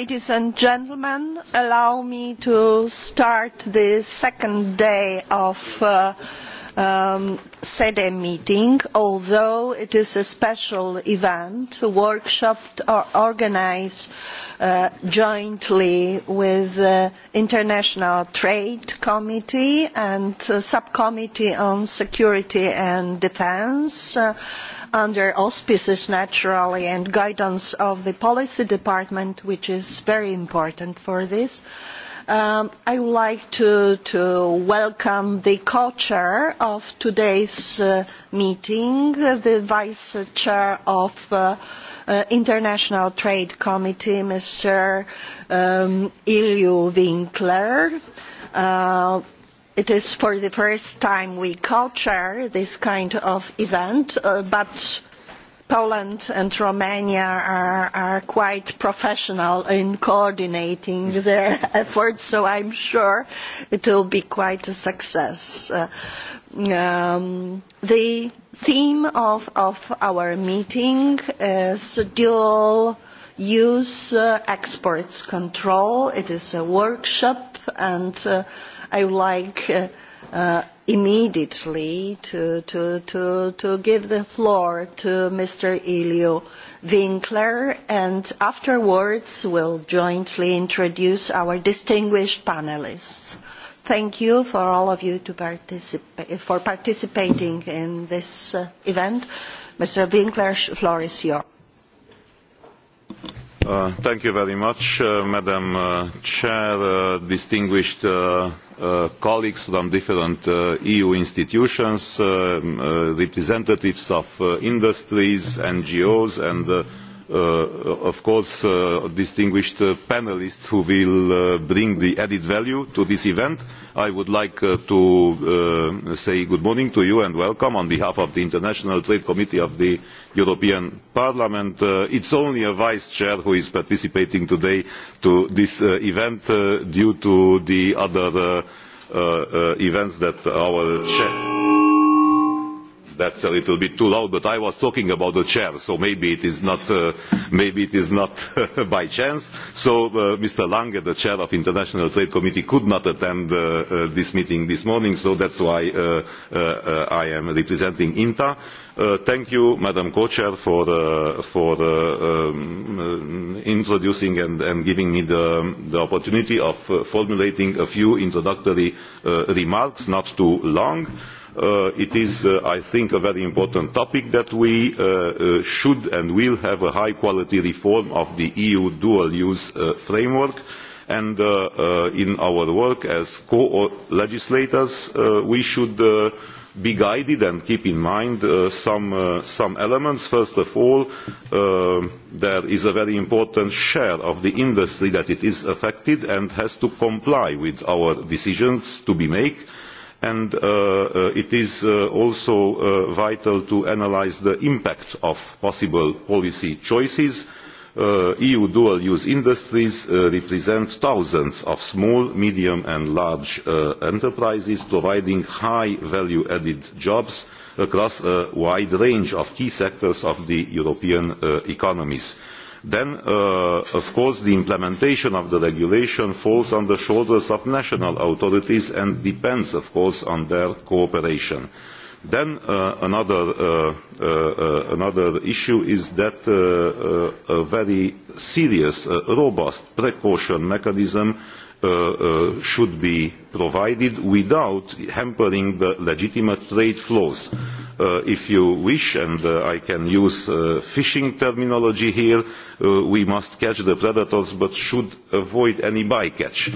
ladies and gentlemen allow me to start the second day of the uh, um, sede meeting although it is a special event a workshop organised uh, jointly with the international trade committee and uh, subcommittee on security and defence uh, under auspices naturally and guidance of the policy department which is very important for this. Um, i would like to, to welcome the co chair of today's uh, meeting the vice chair of the uh, uh, international trade committee mr um, ilu winkler uh, it is for the first time we co chair this kind of event uh, but poland and romania are, are quite professional in coordinating their efforts so i am sure it will be quite a success. Uh, um, the theme of, of our meeting is dual use uh, exports control. it is a workshop and uh, I would like uh, uh, immediately to, to, to, to give the floor to Mr. Elio Winkler and afterwards we'll jointly introduce our distinguished panelists. Thank you for all of you to participa for participating in this uh, event. Mr. Winkler, the floor is yours. Uh, thank you very much, uh, Madam uh, Chair, uh, distinguished uh, Uh, colleagues from different uh, eu institutions uh, representatives of industries ngos and Uh, of course uh, distinguished uh, panellists who will bring the added value to this event. i would like to say good morning to you and welcome on behalf of the international trade committee of the european parliament. it is only a vice chair who is participating today in this event due to the other events that our chair that's a little bit too loud, but I was talking about the chair, so maybe it is not, uh, maybe it is not by chance. So uh, Mr. Lange, the chair of the International Trade Committee, could not attend uh, this meeting this morning, so that's why I am representing INTA. thank you, Madam Co-Chair, for, um, introducing and, giving me the opportunity of formulating a few introductory remarks, not too long. Uh, it is, uh, I think, a very important topic that we uh, should and will have a high-quality reform of the EU dual-use framework. And in our work as co-legislators, we should be guided and keep in mind some, elements. First of all, there is a very important share of the industry that it is affected and has to comply with our decisions to be made and uh, uh, it is uh, also vital to analyse the impact of possible policy choices. eu dual use industries represent thousands of small medium and large enterprises providing high value added jobs across a wide range of key sectors of the european economies then uh, of course the implementation of the regulation falls on the shoulders of national authorities and depends of course on their cooperation. Then uh, another, uh, uh, uh another, issue is that uh, a very serious, robust precaution mechanism Uh, uh, should be provided without hampering the legitimate trade flows. Uh, if you wish, and I can use fishing terminology here, we must catch the predators but should avoid any bycatch.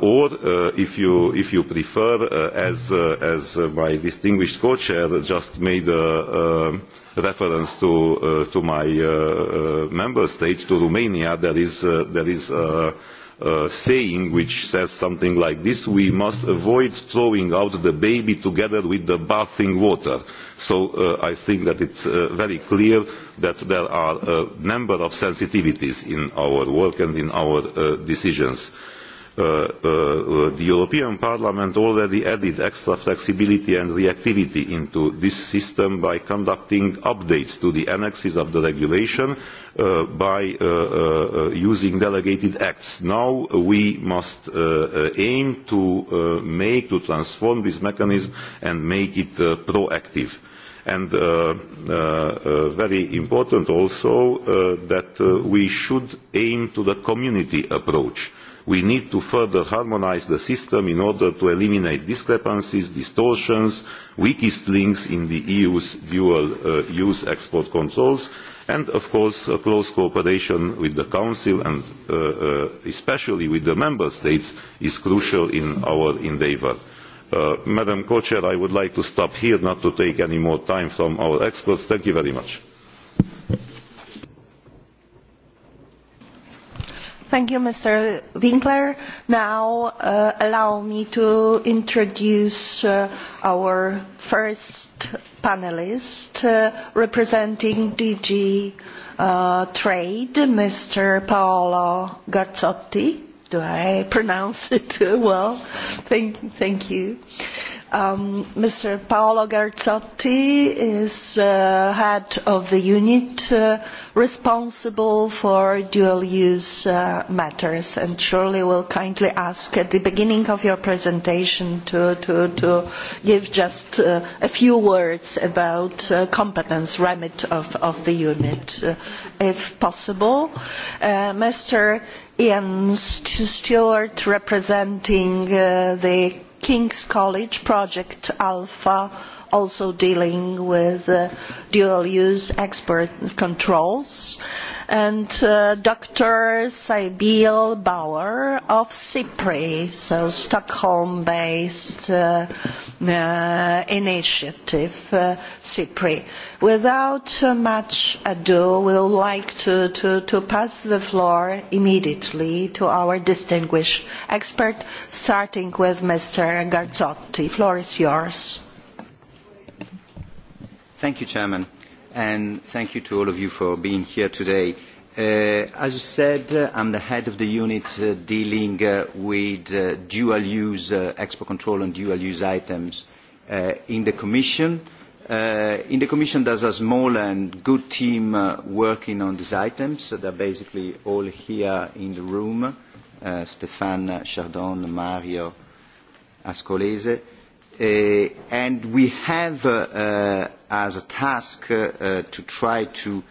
or, if, you, if you prefer, as, as my distinguished co-chair just made a, a reference to, uh, to my uh, uh, member state, to Romania, there is, uh, there is uh, Uh, saying which says something like this we must avoid throwing out the baby together with the bathing water. so uh, i think that it is uh, very clear that there are a number of sensitivities in our work and in our uh, decisions. Uh, uh, the European Parliament already added extra flexibility and reactivity into this system by conducting updates to the annexes of the regulation uh, by using delegated acts. Now we must aim to make, to transform this mechanism and make it proactive and uh, uh, very important also uh, that we should aim to the community approach we need to further harmonise the system in order to eliminate discrepancies distortions weakest links in the eu's dual uh, use export controls and of course close cooperation with the council and uh, uh, especially with the member states is crucial in our endeavour. madam co chair i would like to stop here not to take any more time from our experts. thank you very much. Thank you, Mr. Winkler. Now, uh, allow me to introduce uh, our first panelist uh, representing DG uh, Trade, Mr. Paolo Garzotti. Do I pronounce it well? Thank, thank you. Mr. Um, Paolo Garzotti is uh, head of the unit uh, responsible for dual-use uh, matters and surely will kindly ask at the beginning of your presentation to, give just a few words about competence remit of the unit, if possible. Mr. Ian Stewart, representing the King's College Project Alpha, also dealing with uh, dual use export controls and uh, Dr. Sybil Bauer of CIPRI, so Stockholm-based uh, uh, initiative, uh, CIPRI. Without uh, much ado, we would like to, to, to pass the floor immediately to our distinguished expert, starting with Mr. Garzotti. floor is yours. Thank you, Chairman and thank you to all of you for being here today. Uh, as you said, uh, I'm the head of the unit uh, dealing uh, with uh, dual-use uh, export control and dual-use items uh, in the Commission. Uh, in the Commission, there's a small and good team uh, working on these items. So they're basically all here in the room, uh, Stefan, Chardon, Mario, Ascolese. Uh, and we have uh, uh, as a task uh, uh, to try to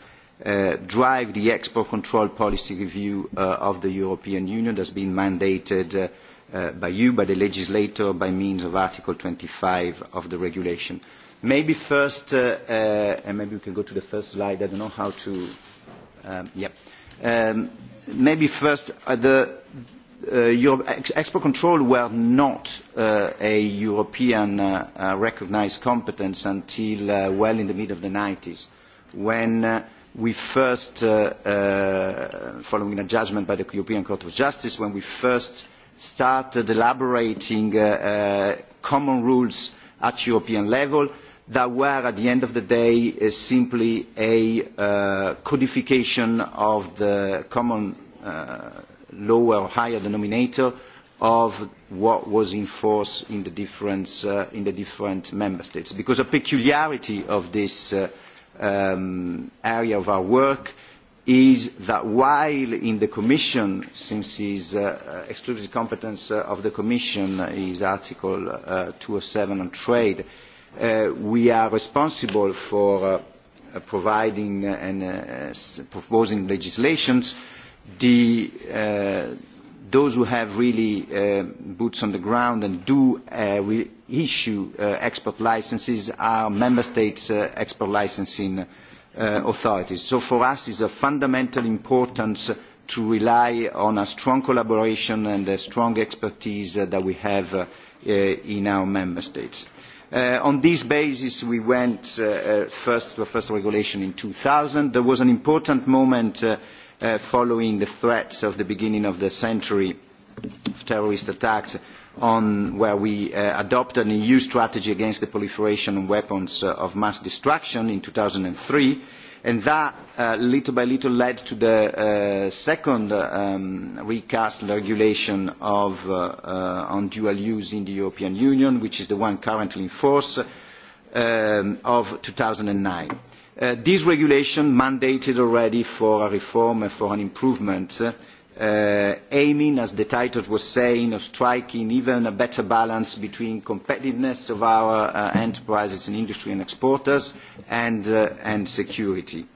uh, drive the export control policy review of the European Union that has been mandated by you, by the legislator, by means of Article 25 of the regulation. Maybe first, and maybe we can go to the first slide, I don't know how to, um, yep. Um, maybe first, the Uh, export control were not uh, a European uh, recognised competence until well in the mid of the 90s, when we first, following a judgment by the European Court of Justice, when we first started elaborating common rules at European level that were, at the end of the day, simply a codification of the common lower or higher denominator of what was in force in the different, uh, in the different member states. Because a peculiarity of this uh, um, area of our work is that while in the Commission, since his uh, uh exclusive competence uh, of the Commission is Article uh, 207 on trade, uh, we are responsible for uh, providing and uh, proposing legislations uh, the, uh, those who have really uh, boots on the ground and do uh, issue uh, export licenses are member states' uh, export licensing uh, authorities. So for us it is of fundamental importance to rely on a strong collaboration and a strong expertise uh, that we have uh, uh in our member states. Uh, on this basis we went uh, uh, first to the first regulation in 2000. There was an important moment Uh, following the threats of the beginning of the century of terrorist attacks on where we uh, adopted an EU strategy against the proliferation of weapons uh, of mass destruction in 2003 and that little by little led to the second um, recast regulation of, on dual use in the European Union which is the one currently in force um, thousand of 2009 Uh, this regulation mandated already for a reform and for an improvement uh, uh, aiming as the title was saying at striking even a better balance between the competitiveness of our enterprises and industry and exporters and, security.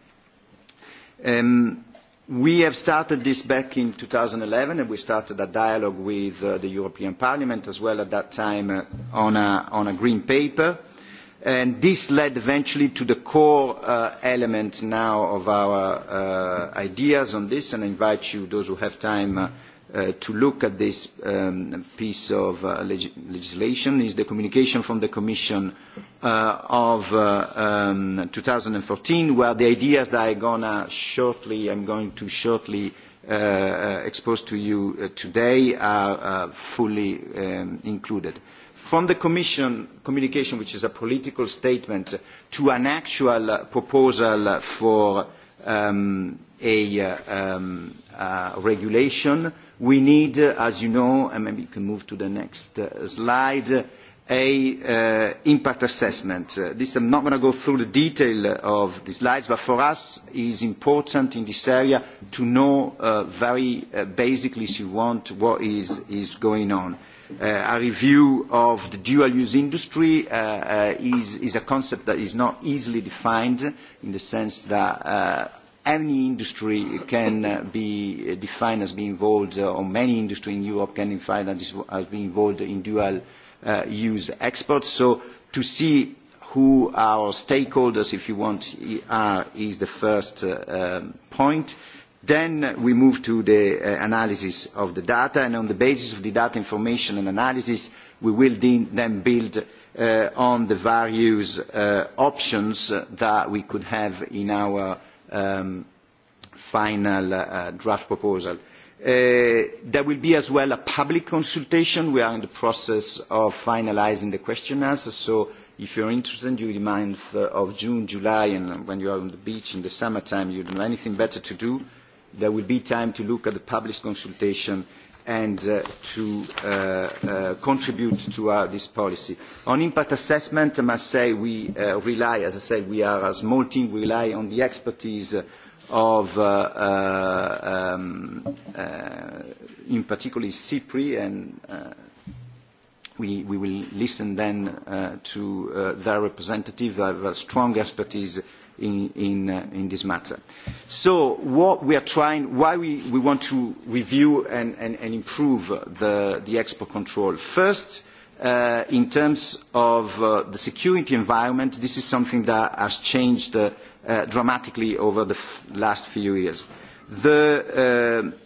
Um, we have started this back in two thousand and eleven and we started a dialogue with the European Parliament as well at that time on a green paper and this led eventually to the core uh, element now of our uh, ideas on this and I invite you, those who have time, uh, uh, to look at this um, piece of uh, leg legislation is the communication from the Commission uh, of uh, um, 2014 where the ideas that I gonna shortly, I'm going to shortly uh, uh, expose to you uh, today are uh, fully um, included from the Commission communication, which is a political statement, to an actual uh, proposal for um, a uh, um, uh, regulation, we need, uh, as you know, and maybe you can move to the next slide, a uh, impact assessment. i uh, this, I'm not going to go through the detail of the slides, but for us it is important in this area to know uh, very basically, if you want, what is, is going on. a review of the dual-use industry is, a concept that is not easily defined in the sense that any industry can be defined as being involved, or many industries in Europe can be defined as being involved in dual Uh, use experts. So to see who our stakeholders, if you want, are is the first uh, um, point. Then we move to the uh, analysis of the data, and on the basis of the data information and analysis, we will then build uh, on the various uh, options that we could have in our um, final uh, draft proposal. Uh, there will be as well a public consultation. We are in the process of finalising the questionnaires, so if you are interested during the month of June, July, and when you are on the beach in the summertime, you don't have anything better to do, there will be time to look at the public consultation and uh, to uh, contribute to this policy. On impact assessment, I must say we rely, as I said, we are a small team, we rely on the expertise of, uh, uh, um, uh, in particular, CIPRI, and uh, we, we will listen then uh, to uh, their representative that have a strong expertise in, in, uh, in this matter. So what we are trying, why we, we want to review and, and, and improve the, the export control. First, uh, in terms of uh, the security environment, this is something that has changed uh, Uh, dramatically over the last few years. The, uh,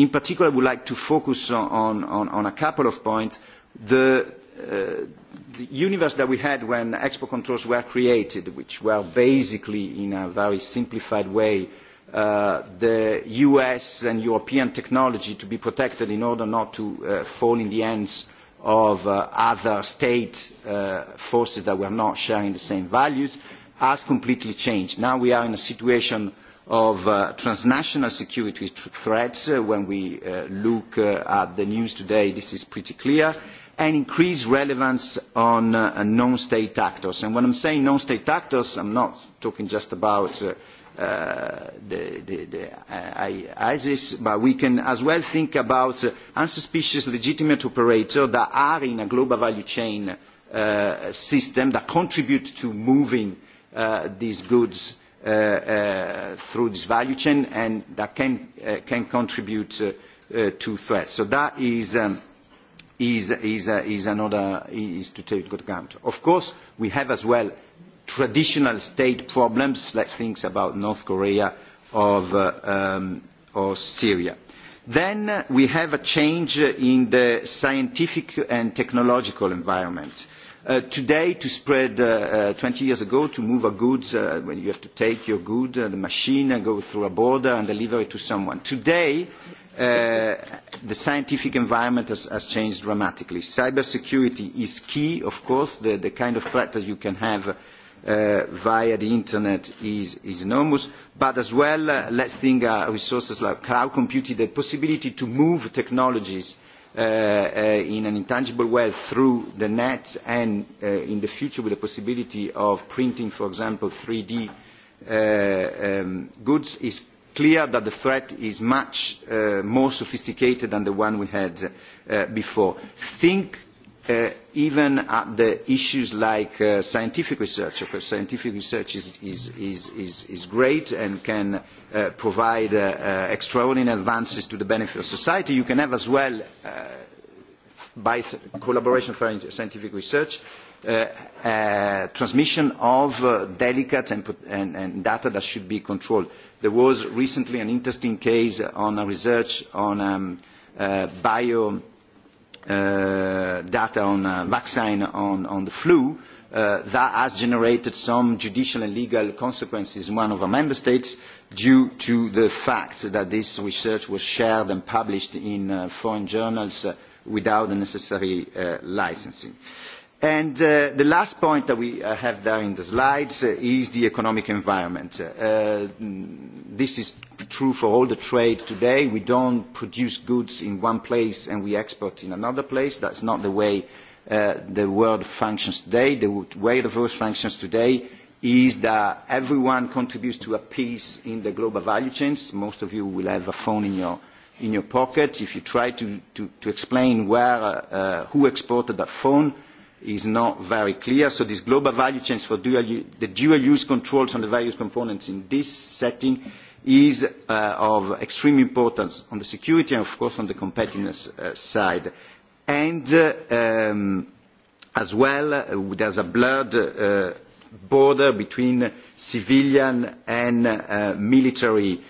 in particular, I would like to focus on, on, on a couple of points. The, uh, the universe that we had when Expo controls were created, which were basically in a very simplified way Uh, the us and european technology to be protected in order not to uh, fall in the hands of uh, other state uh, forces that were not sharing the same values has completely changed. Now we are in a situation of uh, transnational security threats. Uh, when we uh, look uh, at the news today, this is pretty clear, and increased relevance on uh, non-state actors. And when I'm saying non-state actors, I'm not talking just about Uh, uh the, the, the uh, ISIS, but we can as well think about uh, unsuspicious legitimate operators that are in a global value chain system that contribute to moving uh, these goods uh, uh, through this value chain and that can, uh, can contribute uh, uh, to threats. So that is, um, is, is, uh, is another is to take into account. Of course, we have as well traditional state problems, like things about North Korea of, uh, um, or Syria. Then uh, we have a change in the scientific and technological environment. Uh, Uh, today to spread uh, uh, 20 years ago to move a goods uh, when you have to take your good uh, the machine and go through a border and deliver it to someone today uh, the scientific environment has, has changed dramatically cybersecurity is key of course the, the kind of threat that you can have uh, via the internet is, is enormous, but as well, uh, let's think uh, resources like cloud computing, the possibility to move technologies uh, Uh, uh, in an intangible way through the net and uh, in the future with the possibility of printing, for example, 3D uh, um, goods, is clear that the threat is much uh, more sophisticated than the one we had uh, before. Think uh, even at the issues like uh, scientific research, course scientific research is, is, is, is, is great and can uh, provide uh, uh, extraordinary advances to the benefit of society, you can have as well, uh, by th collaboration for scientific research, uh, uh, transmission of uh, delicate and, and, and data that should be controlled. There was recently an interesting case on a research on um, uh, bio Uh, data on a uh, vaccine on, on the flu, uh, that has generated some judicial and legal consequences in one of our member states due to the fact that this research was shared and published in uh, foreign journals uh, without the necessary uh, licensing. And uh, the last point that we uh, have there in the slides uh, is the economic environment. Uh, mm, this is true for all the trade today. We don't produce goods in one place and we export in another place. That's not the way uh, the world functions today. The way the world functions today is that everyone contributes to a piece in the global value chains. Most of you will have a phone in your, in your pocket. If you try to, to, to explain where, uh, who exported that phone, is not very clear. So these global value chains for dual, the dual use controls on the various components in this setting is uh, of extreme importance on the security and of course on the competitiveness uh, side and uh, um, as well uh, there is a blurred uh, border between civilian and uh, military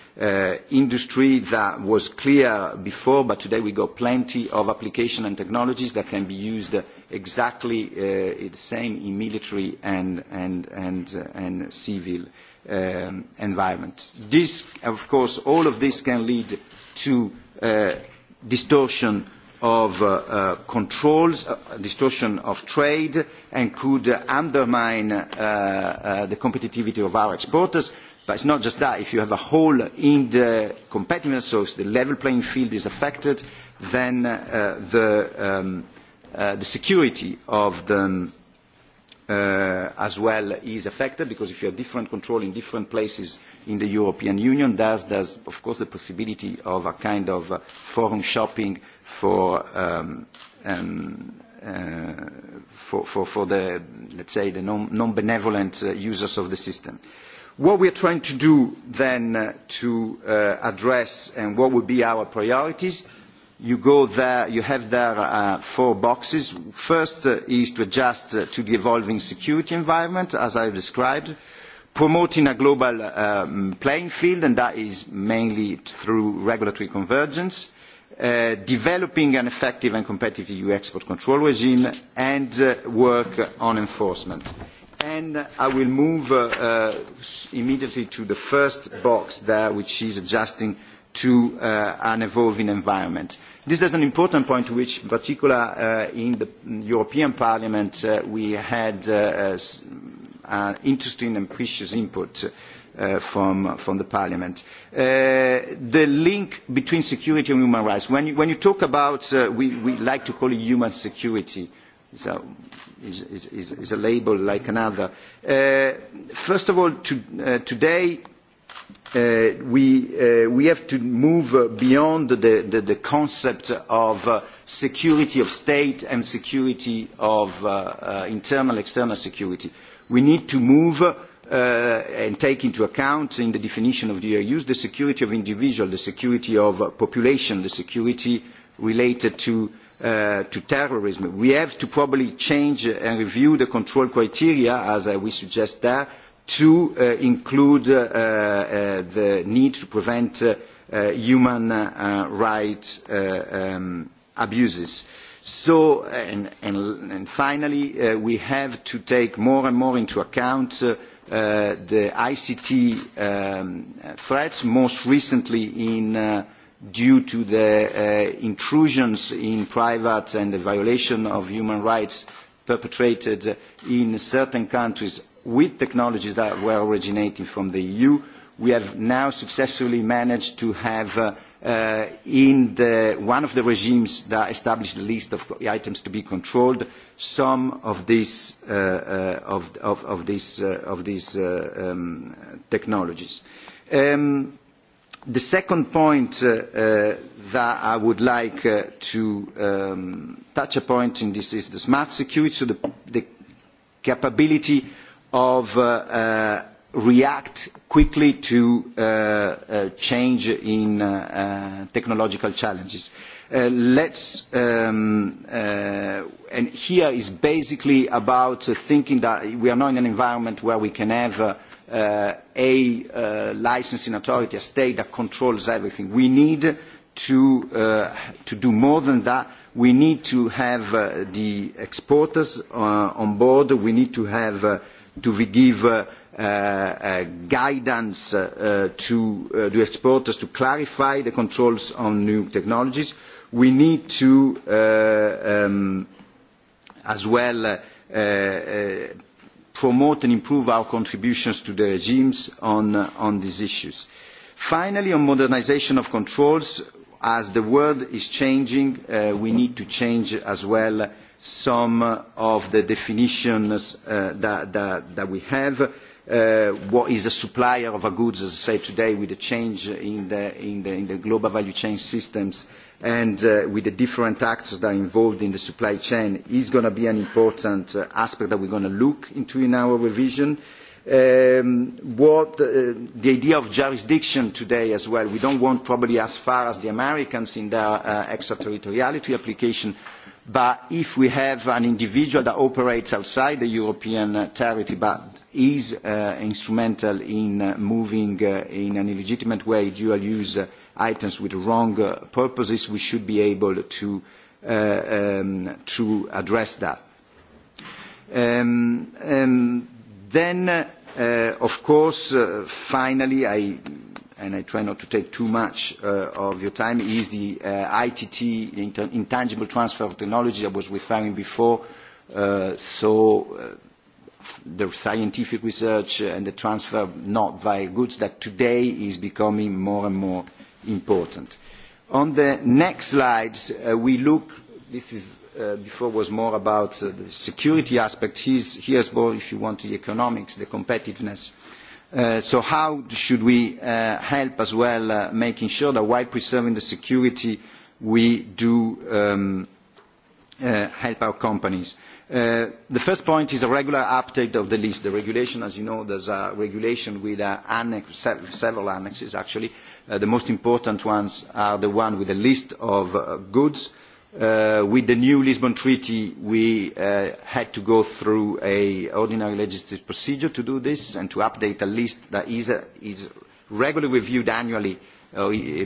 industry that was clear before but today we have plenty of applications and technologies that can be used exactly the same in military and, and, and, and civil Uh, environment. of course, all of this can lead to uh, distortion of uh, controls, distortion of trade, and could undermine the competitiveness of our exporters. But it's not just that. If you have a hole in the competitiveness, so the level playing field is affected, then the, um, the security of the Uh, as well is affected because if you have different control in different places in the European Union, there's, there's of course the possibility of a kind of uh, forum shopping for, um, um, uh, for, for, for, the, let's say, the non-benevolent non uh, users of the system. What we are trying to do then uh, to uh, address and what would be our priorities you go there, you have there uh, four boxes. First uh, is to adjust uh, to the evolving security environment, as I have described, promoting a global um, playing field, and that is mainly through regulatory convergence, uh, developing an effective and competitive EU export control regime, and uh, work on enforcement. And I will move uh, immediately to the first box there, which is adjusting to uh, an evolving environment. This is an important point which, in particular, uh, in the European Parliament, uh, we had uh, an uh, interesting and precious input uh, from, from the Parliament. Uh, the link between security and human rights. When you, when you talk about, uh, we, we like to call it human security, so is, is, is a label like another. Uh, first of all, to, uh, today Uh, we, uh, we have to move uh, beyond the, the, the concept of uh, security of state and security of uh, internal and external security. we need to move and take into account in the definition of the eus the security of individuals the security of population the security related to, to terrorism. we have to probably change and review the control criteria as we suggest there to uh, include uh, uh, the need to prevent uh, uh, human uh, rights um, abuses. So, and, and, and finally, we have to take more and more into account the ICT um, threats, most recently in, due to the intrusions in private and the violation of human rights perpetrated in certain countries with technologies that were originating from the EU, we have now successfully managed to have uh, uh, in the, one of the regimes that established the list of items to be controlled some of these, uh, uh, of, of, of these, uh, of these uh, um, technologies. Um, the second point uh, uh, that I would like uh, to um, touch upon in this is the smart security, so the, the capability of uh, uh, react quickly to uh, uh, change in uh, uh technological challenges. Uh, let's, um, uh, and here is basically about thinking that we are not in an environment where we can have a licensing authority, a state that controls everything. We need to, to do more than that. We need to have the exporters on board. We need to have to give guidance to the exporters to clarify the controls on new technologies. We need to uh, um, as well uh, uh, promote and improve our contributions to the regimes on, on these issues. Finally, on modernisation of controls, as the world is changing, uh, we need to change as well some of the definitions uh, that, that, that we have. Uh, what is a supplier of a goods, as I say today, with the change in the, in the, in the global value chain systems and uh, with the different actors that are involved in the supply chain is going to be an important uh, aspect that we're going to look into in our revision. Um, what uh, the idea of jurisdiction today as well, we don't want probably as far as the Americans in their uh, extraterritoriality application, but if we have an individual that operates outside the European uh, territory but is uh, instrumental in uh, moving uh, in an illegitimate way dual use uh, items with wrong purposes, we should be able to, um, to address that. Um, um, then, of course, finally, I and I try not to take too much uh, of your time, is the uh, ITT, intangible transfer of technology I was referring before. Uh, so uh, the scientific research and the transfer of not via goods that today is becoming more and more important. On the next slides, uh, we look, this is, uh, before was more about uh, the security aspect. Here's, here's more, if you want, the economics, the competitiveness uh, Uh, so how should we uh, help as well uh, making sure that while preserving the security we do um, help our companies? the first point is a regular update of the list. The regulation, as you know, there's a regulation with several annexes actually. the most important ones are the one with a list of goods Uh, with the new lisbon treaty we uh, had to go through an ordinary legislative procedure to do this and to update a list that is, uh, regularly reviewed annually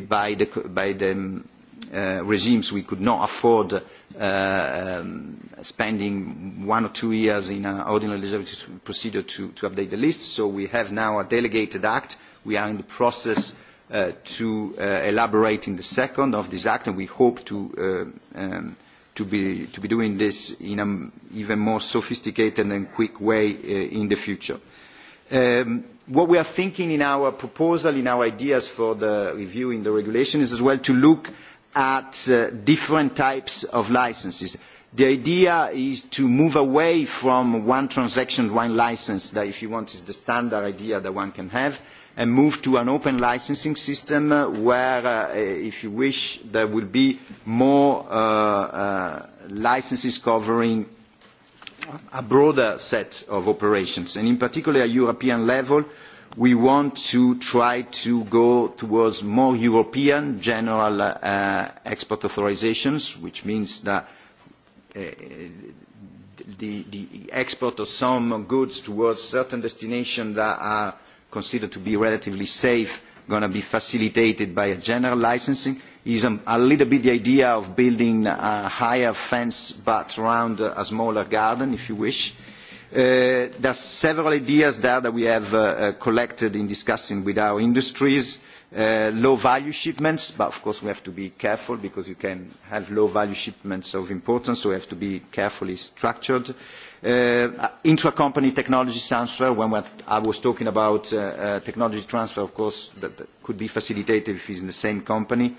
by the, um, regimes. we could not afford um, spending one or two years in an ordinary legislative procedure to, update the list so we have now a delegated act. we are in the process Uh, to uh, elaborate in the second of this act, and we hope to, uh, um, to, be, to be doing this in an even more sophisticated and quick way uh, in the future. Um, what we are thinking in our proposal, in our ideas for the review in the regulation is as well to look at uh, different types of licenses. The idea is to move away from one transaction, one license, that if you want is the standard idea that one can have, and move to an open licensing system uh, where, uh, if you wish, there will be more uh, uh, licenses covering a broader set of operations. And in particular, at European level, we want to try to go towards more European general uh, export authorizations, which means that uh, the, the export of some goods towards certain destinations that are considered to be relatively safe going to be facilitated by a general licensing is a, um, a little bit the idea of building a higher fence but around a smaller garden if you wish. Uh, there are several ideas there that we have uh, uh, collected in discussing with our industries. Uh, low value shipments, but of course we have to be careful because you can have low value shipments of importance, so we have to be carefully structured. Uh, Uh, intra company technology transfer when i was talking about uh, uh, technology transfer of course that, could be facilitated if it is in the same company.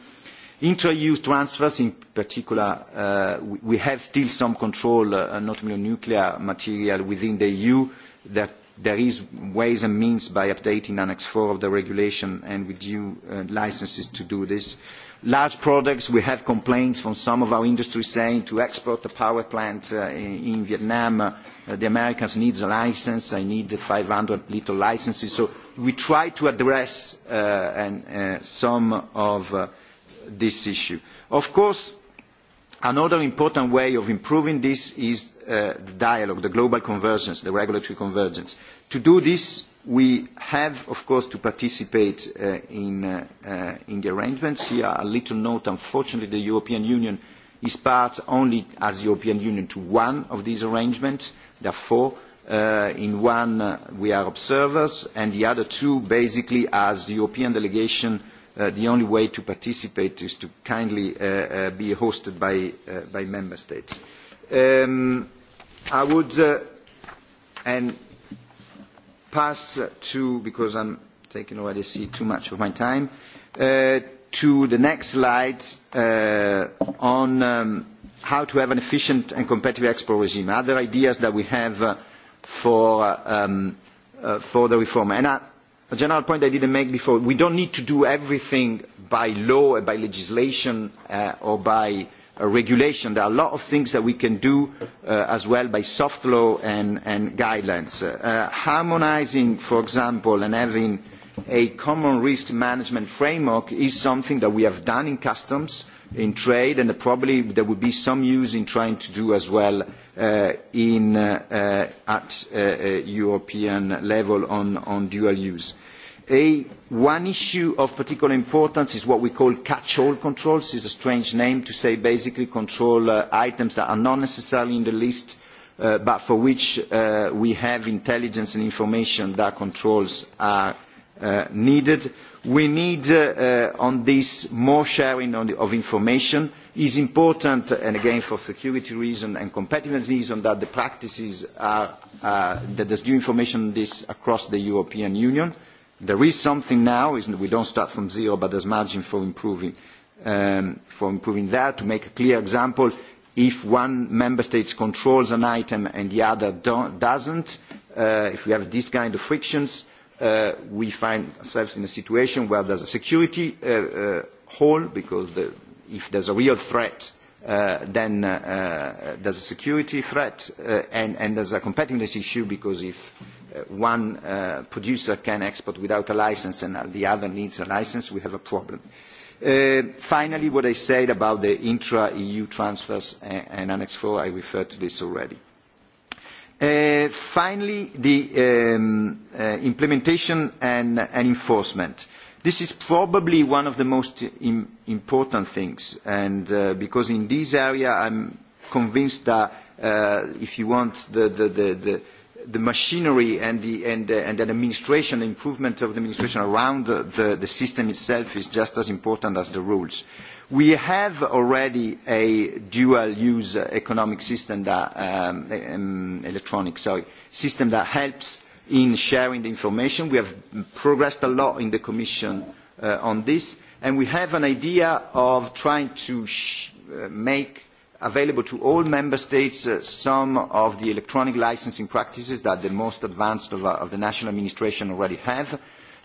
intra eu transfers in particular we, have still some control notably on nuclear material within the eu that there is ways and means by updating annex iv of the regulation and with due licences to do this large products we have complaints from some of our industries saying to export a power plant uh, in, vietnam uh, the americans need a license they need 500 little licenses so we try to address uh, some of this issue of course another important way of improving this is the dialogue the global convergence the regulatory convergence to do this We have, of course, to participate uh, in, uh, uh, in the arrangements. Here, a little note, unfortunately, the European Union is part only as the European Union to one of these arrangements. Therefore, uh, in one uh, we are observers, and the other two, basically, as the European delegation, uh, the only way to participate is to kindly uh, uh, be hosted by, uh, by member states. Um, I would, uh, and pass to, because I'm taking already see too much of my time, uh, to the next slide uh, on um, how to have an efficient and competitive export regime, other ideas that we have uh, for, uh, um, uh, for the reform. And I, uh, a general point I didn't make before, we don't need to do everything by law, by legislation, uh, or by regulation. There are a lot of things that we can do uh, as well by soft law and, and guidelines. Uh, Harmonising, for example, and having a common risk management framework is something that we have done in customs in trade and probably there would be some use in trying to do as well uh, in, uh, uh, at uh, European level on, on dual use. A, one issue of particular importance is what we call catch all controls. it is a strange name to say basically control uh, items that are not necessarily in the list uh, but for which uh, we have intelligence and information that controls are needed. we need on this more sharing of information. it is important and again for security reasons and competitiveness reasons that the practices are that there is due information on this across the european union There is something now, isn't we don't start from zero, but there's margin for improving, um, for improving that. To make a clear example, if one member state controls an item and the other doesn't, uh, if we have these kind of frictions, uh, we find ourselves in a situation where there's a security uh, uh, hole, because the, if there's a real threat, uh, then uh, uh, there's a security threat, uh, and, and there's a competitiveness issue, because if Uh, one uh, producer can export without a license and the other needs a license, we have a problem. Uh, finally, what I said about the intra-EU transfers and, and Annex 4, I referred to this already. Uh, finally, the um, uh, implementation and, and enforcement. This is probably one of the most Im important things, and uh, because in this area I'm convinced that uh, if you want the, the, the, the the machinery and the, and, the, and the administration, the improvement of the administration around the, the, the system itself is just as important as the rules. We have already a dual-use economic system that, um, um, electronic, sorry, system that helps in sharing the information. We have progressed a lot in the Commission uh, on this, and we have an idea of trying to sh uh, make available to all member states uh, some of the electronic licensing practices that the most advanced of, uh, the national administrations already have,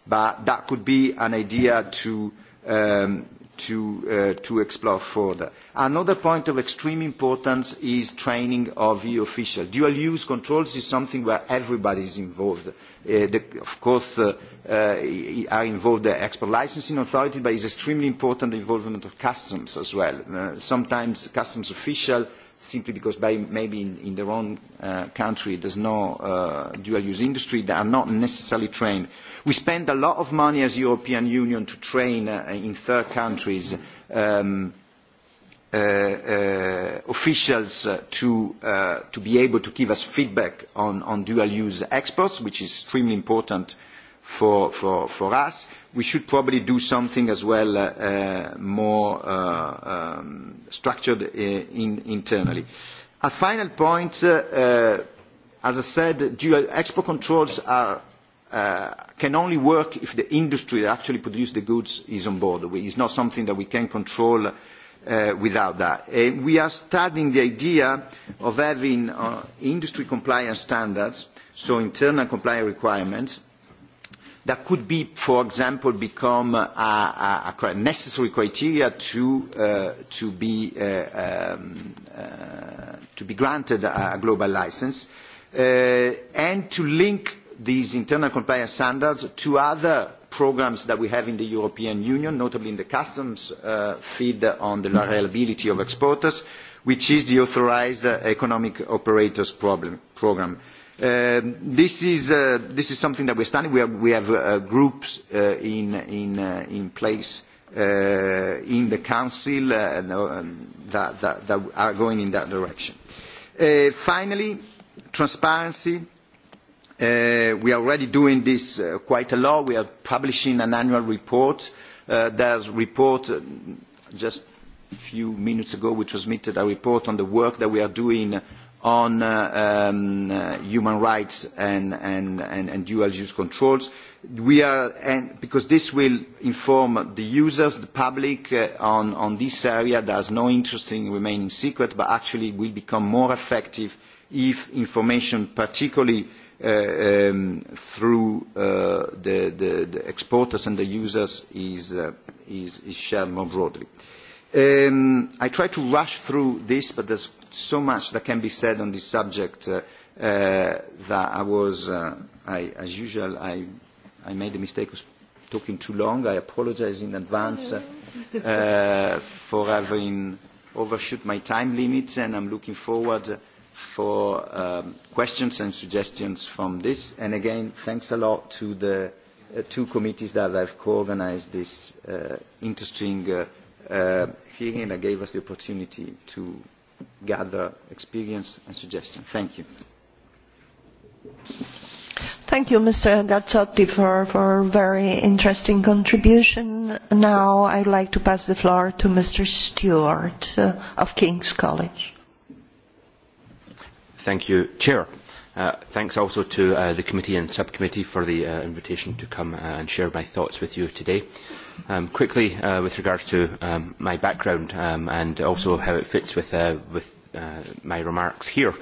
but that could be an idea to, um, to, uh, to explore further. Another point of extreme importance is training of EU officials. Dual-use controls is something where everybody is involved. Uh, the, of course, uh, uh, are involved the export licensing authority, but it's extremely important the involvement of customs as well. Uh, sometimes customs officials simply because by, maybe in, in their own uh, country there's no uh, dual-use industry they are not necessarily trained. We spend a lot of money as European Union to train uh, in third countries um, uh, uh, officials uh, to, uh, to be able to give us feedback on, on dual-use exports, which is extremely important uh, for, for, for us. We should probably do something as well uh, uh, more uh, um, structured uh, in, internally. A final point, uh, uh, as I said, dual export controls are, uh, can only work if the industry that actually produces the goods is on board. It's not something that we can control Uh, without that. Uh, we are studying the idea of having uh, industry compliance standards, so internal compliance requirements, that could be, for example, become a, a necessary criteria to, uh, to, be, uh, um, uh, to be granted a global license, uh, and to link these internal compliance standards to other programmes that we have in the European Union, notably in the customs uh, field on the reliability of exporters, which is the authorised uh, economic operators problem, programme Um, uh, this, is, something that we are studying. we have uh, groups uh, in, place in the council that, are going in that direction. Finally, transparency. We are already doing this quite a lot. We are publishing an annual report. a report just a few minutes ago, we transmitted a report on the work that we are doing on uh, um, uh, human rights and, dual use controls. because this will inform the users, the public uh, on, this area, is no interest in remaining secret, but actually will become more effective if information, particularly um, through the, exporters and the users, is, shared more broadly. Um, I try to rush through this, but there's so much that can be said on this subject uh, uh, that I was, uh, I, as usual, I, I made the mistake of talking too long. I apologize in advance uh, uh for having overshoot my time limits, and I'm looking forward for um, questions and suggestions from this. And again, thanks a lot to the uh, two committees that have co-organized this uh, interesting uh, uh, here Hena gave us the opportunity to gather experience and suggestions. Thank you. Thank you, Mr. Gazzotti, for, for a very interesting contribution. Now I'd like to pass the floor to Mr. Stewart uh, of King's College. Thank you, Chair. Uh, thanks also to uh, the committee and subcommittee for the uh, invitation to come uh, and share my thoughts with you today. Uh, Um, quickly, uh, with regards to um, my background um, and also how it fits with, uh, with uh, my remarks here.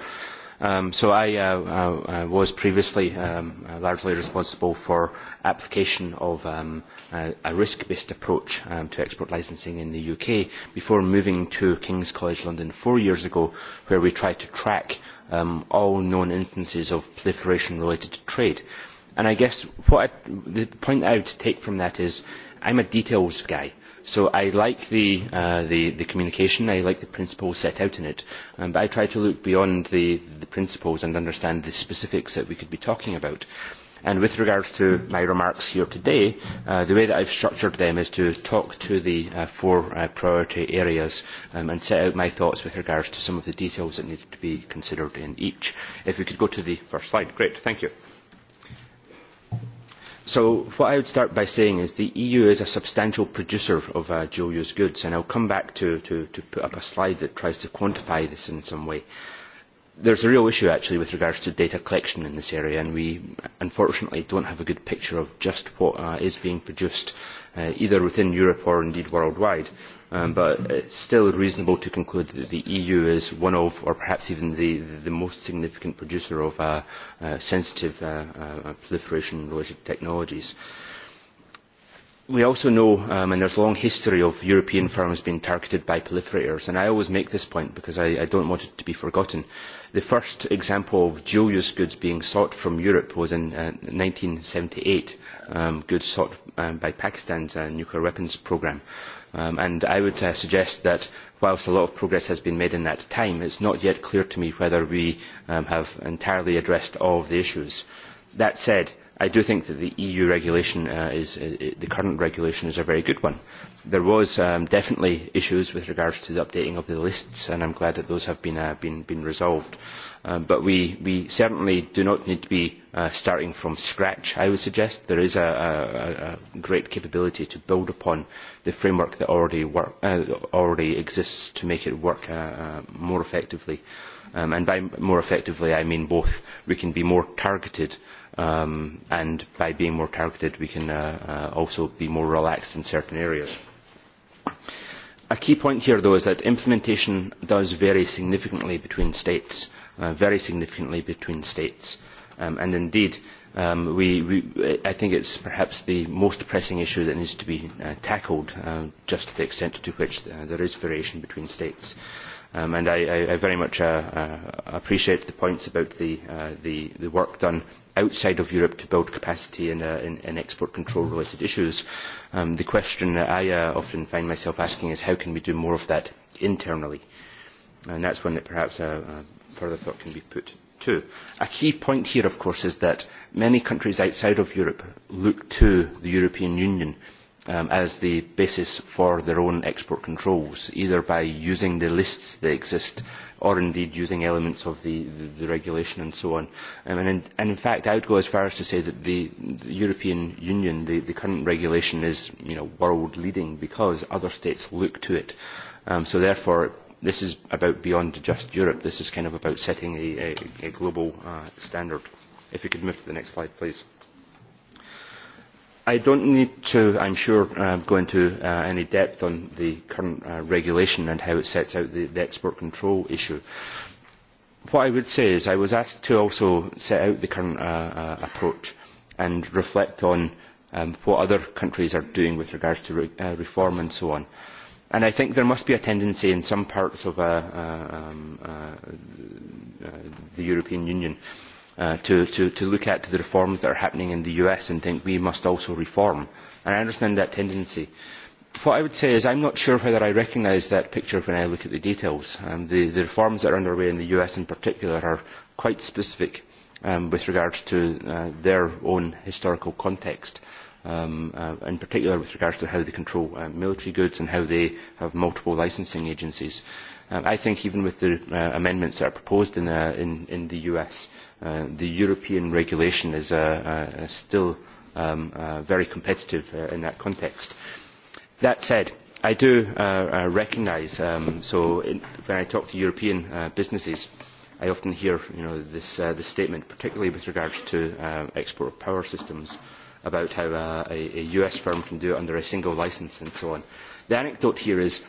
Um, so I uh, uh, uh was previously um, uh, largely responsible for application of um, a, a risk-based approach um, to export licensing in the UK before moving to King's College London four years ago where we tried to track um, all known instances of proliferation related to trade. Uh, And I guess what I, the point that I would take from that is I'm a details guy. So I like the, uh, the, the communication, I like the principles set out in it, um, but I try to look beyond the, the principles and understand the specifics that we could be talking about. And with regards to my remarks here today, uh, the way that I've structured them is to talk to the uh, four uh, priority areas um, and set out my thoughts with regards to some of the details that need to be considered in each. If we could go to the first slide. Great, thank you. So what I would start by saying is that the EU is a substantial producer of uh, dual-use goods, and I'll come back to, put up a slide that tries to quantify this in some way. There's a real issue actually with regards to data collection in this area, and we unfortunately don't have a good picture of just what uh, is being produced uh, either within Europe or indeed worldwide um, but it's still reasonable to conclude that the EU is one of, or perhaps even the, the most significant producer of uh, uh, sensitive uh, uh, proliferation-related technologies. We also know, um, and there's a long history of European firms being targeted by proliferators, and I always make this point because I, I don't want it to be forgotten. The first example of dual-use goods being sought from Europe was in uh, 1978, um, goods sought um, by Pakistan's uh, nuclear weapons programme Um, and I would uh, suggest that whilst a lot of progress has been made in that time, it is not yet clear to me whether we um, have entirely addressed all of the issues. That said, I do think that the EU regulation uh, is, uh, the current regulation is a very good one. There was um, definitely issues with regards to the updating of the lists, and I am glad that those have been, uh, been, been resolved. Uh, but we, we certainly do not need to be uh, starting from scratch, I would suggest. There is a, a, a great capability to build upon the framework that already, work, uh, already exists to make it work uh, uh, more effectively. Um, and by more effectively, I mean both. We can be more targeted, um, and by being more targeted, we can uh, uh, also be more relaxed in certain areas. A key point here, though, is that implementation does vary significantly between states. Uh, uh, very significantly between states. Um, and indeed, um, we, we, I think it's perhaps the most pressing issue that needs to be uh, tackled, uh, just to the extent to which uh, there is variation between states. Um, and I, I very much uh, uh, appreciate the points about the, uh, the, the work done outside of Europe to build capacity in, uh, in, in export control related issues. Um, the question that I uh, often find myself asking is how can we do more of that internally? And that's one that perhaps uh, uh, further thought can be put to. A key point here, of course, is that many countries outside of Europe look to the European Union um, as the basis for their own export controls, either by using the lists that exist or indeed using elements of the, the, the regulation and so on. Um, and, in, and in fact, I would go as far as to say that the, the European Union, the, the current regulation is you know, world leading because other states look to it. Um, so therefore, this is about beyond just Europe. This is kind of about setting a, a, a global uh, standard. If you could move to the next slide, please. I don't need to, I'm sure, uh, go into uh, any depth on the current uh, regulation and how it sets out the, the export control issue. What I would say is I was asked to also set out the current uh, uh, approach and reflect on um, what other countries are doing with regards to re uh, reform and so on. Uh, and I think there must be a tendency in some parts of uh, uh um, uh, uh, the European Union uh, to, to, to look at the reforms that are happening in the US and think we must also reform. And I understand that tendency. What I would say is I'm not sure whether I recognise that picture when I look at the details. Um, the, the reforms that are underway in the US in particular are quite specific um, with regards to uh, their own historical context um, uh, in particular with regards to how they control uh, military goods and how they have multiple licensing agencies. Um, I think even with the uh, amendments that are proposed in, uh, in, in the US, uh, the European regulation is uh, uh, still um, uh, very competitive uh, in that context. That said, I do uh, uh, recognise, um, so in, when I talk to European uh, businesses, I often hear you know, this, uh, this statement, particularly with regards to uh, export of power systems, uh, about how uh, a, a US firm can do it under a single license and so on. The anecdote here is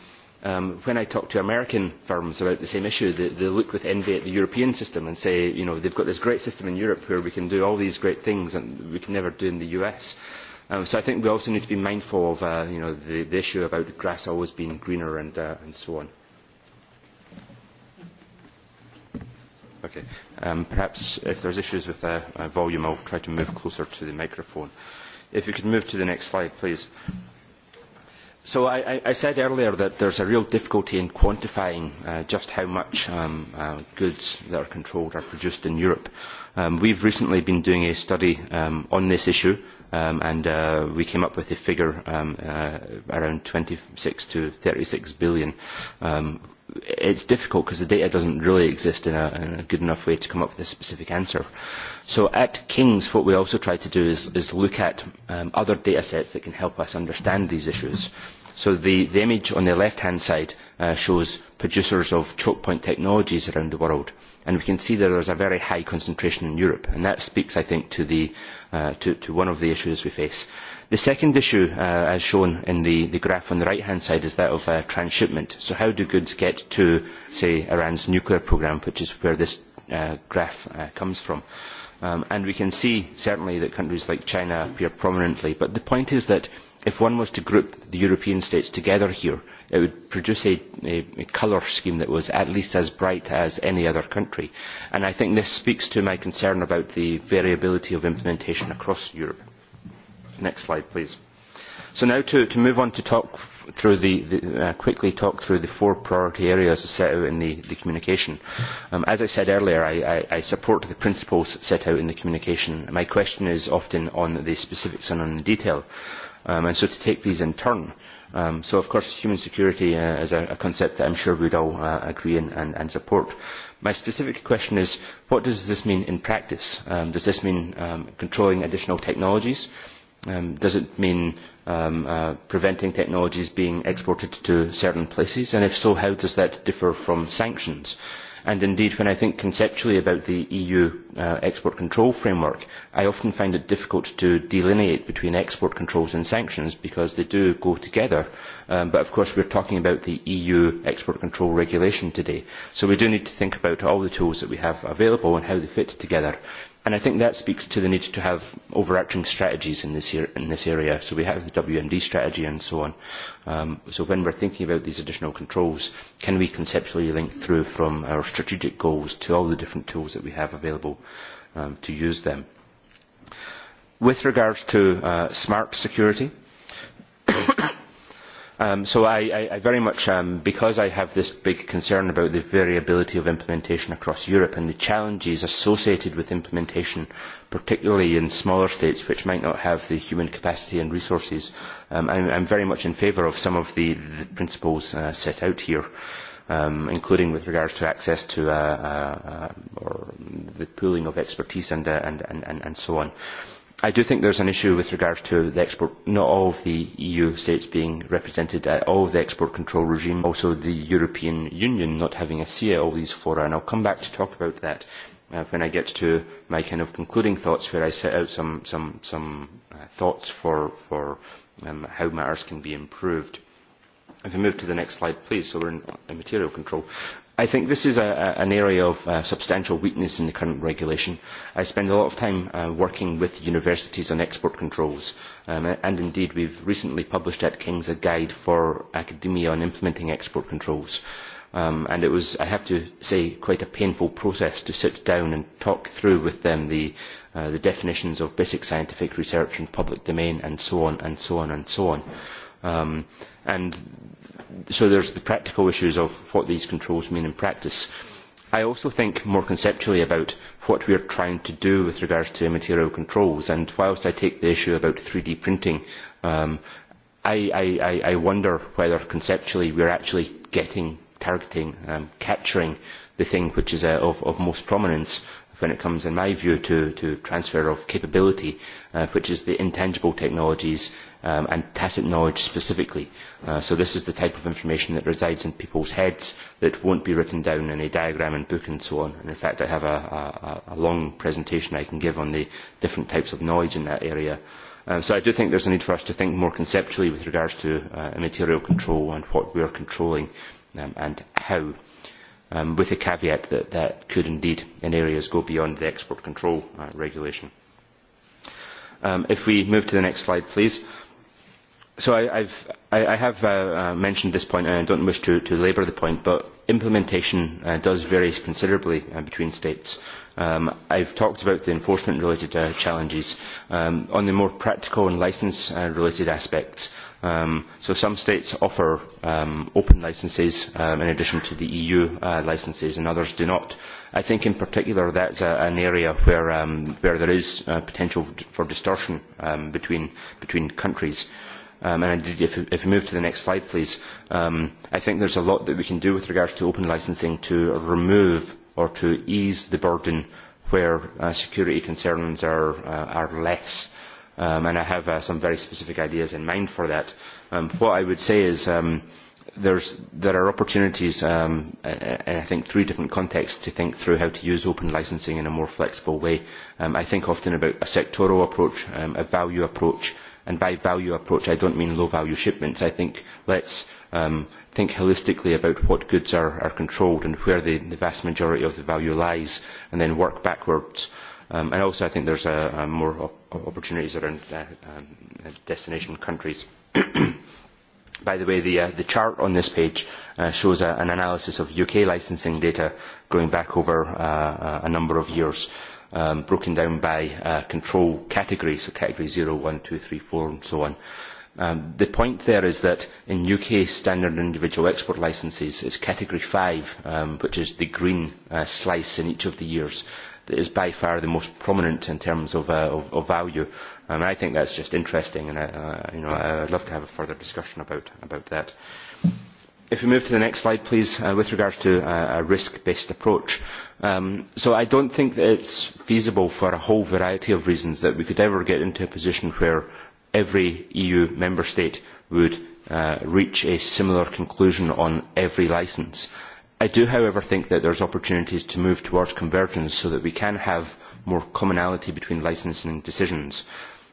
um, when I talk to American firms about the same issue, they, they look with envy at the European system and say, you know, they've got this great system in Europe where we can do all these great things and we can never do in the US. Um, so I think we also need to be mindful of uh, you know, the, the issue about grass always being greener and, uh, and so on. Okay. Um, perhaps if there's issues with the uh, volume, I'll try to move closer to the microphone. If you could move to the next slide, please. So I, I said earlier that there's a real difficulty in quantifying uh, just how much um, uh, goods that are controlled are produced in Europe. Um, we've recently been doing a study um, on this issue um, and uh, we came up with a figure um, uh, around 26 to 36 billion um, it's difficult because the data doesn't really exist in a, in a good enough way to come up with a specific answer. So at King's, what we also try to do is, is look at um, other data sets that can help us understand these issues. So the, the image on the left-hand side uh, shows producers of choke point technologies around the world. And we can see that there's a very high concentration in Europe. And that speaks, I think, to, the, uh, to, to one of the issues we face. The second issue, uh, as shown in the, the graph on the right-hand side, is that of uh, transshipment. So how do goods get to, say, Iran's nuclear programme, which is where this uh, graph uh, comes from? Um, and we can see, certainly, that countries like China appear prominently. But the point is that if one was to group the European states together here, it would produce a, a, a colour scheme that was at least as bright as any other country. And I think this speaks to my concern about the variability of implementation across Europe. Next slide, please. So now to, to move on to talk through the, the uh, quickly talk through the four priority areas set out in the, the communication. Um, as I said earlier, I, I, I support the principles set out in the communication. My question is often on the specifics and on the detail. Um, and so to take these in turn. Um, so of course human security uh, is a, a concept that I'm sure we'd all uh, agree in and, and support. My specific question is, what does this mean in practice? Um, does this mean um, controlling additional technologies? um, it mean um, uh, preventing technologies being exported to certain places, and if so, how does that differ from sanctions? And indeed, when I think conceptually about the EU uh, export control framework, I often find it difficult to delineate between export controls and sanctions because they do go together. Um, but of course, we're talking about the EU export control regulation today. So we do need to think about all the tools that we have available and how they fit together. And I think that speaks to the need to have overarching strategies in this, in this area. So we have the WMD strategy and so on. Um, so when we're thinking about these additional controls, can we conceptually link through from our strategic goals to all the different tools that we have available um, to use them? With regards to uh, smart security, Um, so I, very much, um, because I have this big concern about the variability of implementation across Europe and the challenges associated with implementation, particularly in smaller states which might not have the human capacity and resources, i am um, very much in favour of some of the, principles uh, set out here. including with regard to access to uh, uh, or the pooling of expertise and so on. I do think there is an issue with regards to the export, not all of the EU states being represented at all of the export control regime, also the European Union not having a say at all these fora, and I'll come back to talk about that uh, when I get to my kind of concluding thoughts where I set out some, some, some uh, thoughts for, for um, how matters can be improved. If we move to the next slide, please, so we're in, in material control. I think this is a, a, an area of uh, substantial weakness in the current regulation. I spend a lot of time uh, working with universities on export controls, um, and indeed we've recently published at King's a guide for academia on implementing export controls. Um, and it was, I have to say, quite a painful process to sit down and talk through with them the, uh, the definitions of basic scientific research and public domain and so on and so on and so on. Um, and so there are the practical issues of what these controls mean in practice. I also think more conceptually about what we are trying to do with regard to material controls and whilst I take the issue about 3D printing um, I, I, I, wonder whether conceptually we are actually getting, targeting, um, capturing the thing which is uh, of, of, most prominence when it comes, in my view, to, to transfer of capability, uh, which is the intangible technologies um, and tacit knowledge specifically. Uh, so this is the type of information that resides in people's heads that won't be written down in a diagram and book and so on. And in fact, I have a, a, a long presentation I can give on the different types of knowledge in that area. Um, so I do think there's a need for us to think more conceptually with regards to uh, immaterial control and what we are controlling um, and how, um, with the caveat that that could indeed in areas go beyond the export control uh, regulation. Um, if we move to the next slide, please so I, have uh, uh, mentioned this point and I don't wish to, labour the point, but implementation uh, does vary considerably between states. i um, I've talked about the enforcement related challenges. Um, on the more practical and licence related aspects, um, so some states offer open licences in addition to the EU licences and others do not. I think in particular that is an area where, there is potential for distortion between countries. Um, and indeed, if, if we move to the next slide, please, um, I think there's a lot that we can do with regards to open licensing to remove or to ease the burden where uh, security concerns are, uh, are less. Um, and I have uh, some very specific ideas in mind for that. Um, what I would say is um, there's, there are opportunities, um, in I think three different contexts, to think through how to use open licensing in a more flexible way. Um, I think often about a sectoral approach, um, a value approach, and by value approach I don't mean low value shipments. I think let's um, think holistically about what goods are, are controlled and where the, the vast majority of the value lies and then work backwards. Um, and also I think there's a, more op opportunities around uh, um, destination countries. By the way, the, uh, the chart on this page uh, shows a, an analysis of UK licensing data going back over uh, a number of years. Uh, um, broken down by uh, control category, so category 0, 1, 2, 3, 4 and so on. Um, the point there is that in UK standard individual export licences it's category 5, um, which is the green uh, slice in each of the years, that is by far the most prominent in terms of, uh, of, of value. Um, I think that's just interesting and I, uh, you know, I'd love to have a further discussion about, about that. If we move to the next slide, please, uh, with regards to uh, a risk-based approach. Um, so I don't think that it's feasible for a whole variety of reasons that we could ever get into a position where every EU member state would uh, reach a similar conclusion on every licence. I do, however, think that there's opportunities to move towards convergence so that we can have more commonality between licensing decisions.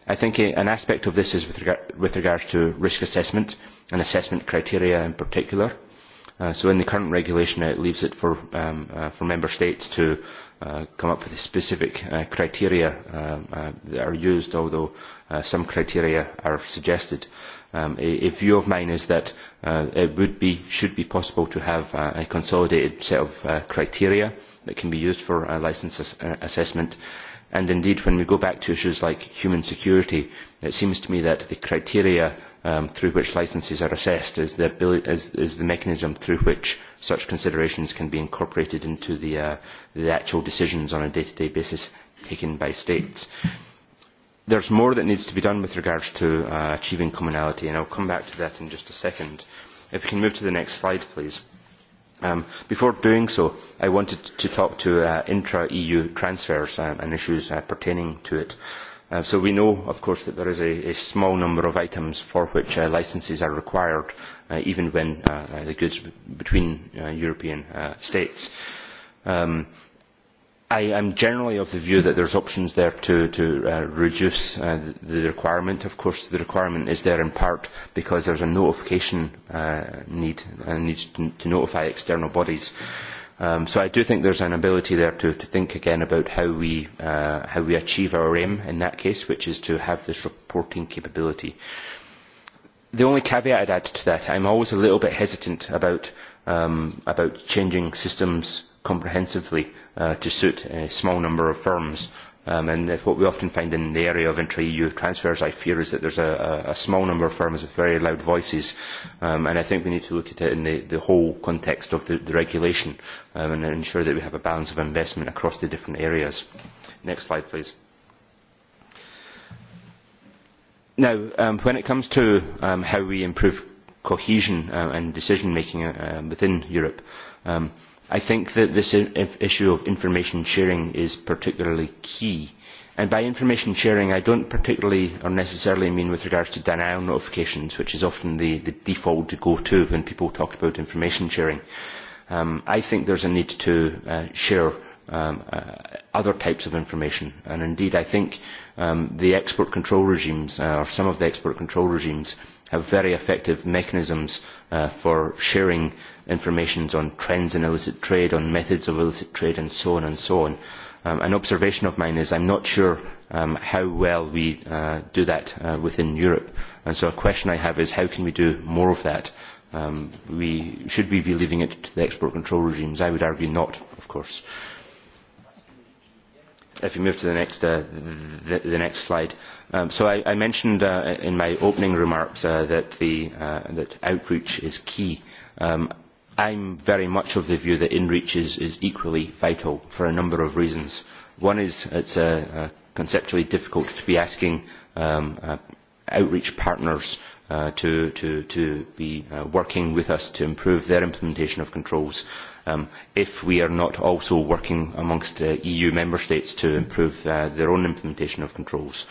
I think a, an aspect of this is with, rega with regards to risk assessment. Uh, and assessment criteria in particular. Uh, so in the current regulation it leaves it for, um, uh, for member states to uh, come up with specific uh, criteria um, uh, that are used, although uh, some criteria are suggested. Um, a, a view of mine is that uh, it would be, should be possible to have uh, a consolidated set of uh, criteria that can be used for uh, licence uh, assessment. And indeed, when we go back to issues like human security, it seems to me that the criteria um, through which licences are assessed is the, is, is the mechanism through which such considerations can be incorporated into the, uh, the actual decisions on a day-to-day -day basis taken by states. There's more that needs to be done with regards to uh, achieving commonality, and I'll come back to that in just a second. If we can move to the next slide, please. Um, before doing so, I wanted to talk to uh, intra-EU transfers uh, and issues uh, pertaining to it. Uh, so we know, of course, that there is a, small number of items for which uh, licences are required, uh, even when the goods between European states. Um, I am generally of the view that there are options there to, reduce the requirement. Of course, the requirement is there in part because there is a notification need need, a need to, notify external bodies. Um, so I do think there's an ability there to, to think again about how we, uh, how we achieve our aim in that case, which is to have this reporting capability. The only caveat I'd add to that, I'm always a little bit hesitant about, um, about changing systems comprehensively uh, to suit a small number of firms Um, and what we often find in the area of intra-EU transfers, I fear, is that there's a, a small number of firms with very loud voices. Um, and I think we need to look at it in the, the whole context of the, the regulation um, and ensure that we have a balance of investment across the different areas. Next slide, please. Now, um, when it comes to um, how we improve cohesion uh, and decision-making uh, within Europe, um, I think that this issue of information sharing is particularly key. And by information sharing, I don't particularly or necessarily mean with regards to denial notifications, which is often the, the default to go to when people talk about information sharing. Um, I think there's a need to uh, share um, uh, other types of information. And indeed, I think um, the export control regimes, uh, or some of the export control regimes, have very effective mechanisms uh, for sharing information on trends in illicit trade, on methods of illicit trade and so on and so on. Um, an observation of mine is I'm not sure um, how well we uh, do that uh, within Europe. And so a question I have is how can we do more of that? Um, we, should we be leaving it to the export control regimes? I would argue not, of course if you move to the next, uh, the, the next slide. Um, so I, I mentioned uh, in my opening remarks uh, that, the, uh, that outreach is key. Um, I'm very much of the view that inreach is, is equally vital for a number of reasons. One is it's uh, uh, conceptually difficult to be asking um, uh, outreach partners uh, to, to, to be uh, working with us to improve their implementation of controls Um, if we are not also working amongst EU member states to improve uh, their own implementation of controls.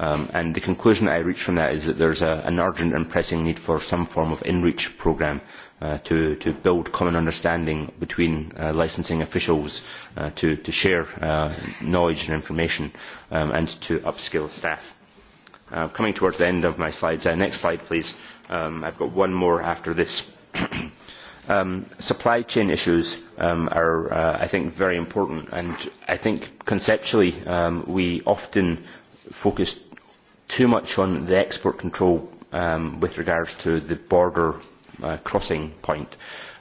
Um, and the conclusion I reach from that is that there is an urgent and pressing need for some form of in-reach programme uh, to, build common understanding between uh, licensing officials, to, share knowledge and information, um, and to upskill staff. coming towards the end of my slides, next slide please. i I've got one more after this. Um, supply chain issues um, are, uh, I think, very important. And I think conceptually um, we often focus too much on the export control um, with regards to the border uh, crossing point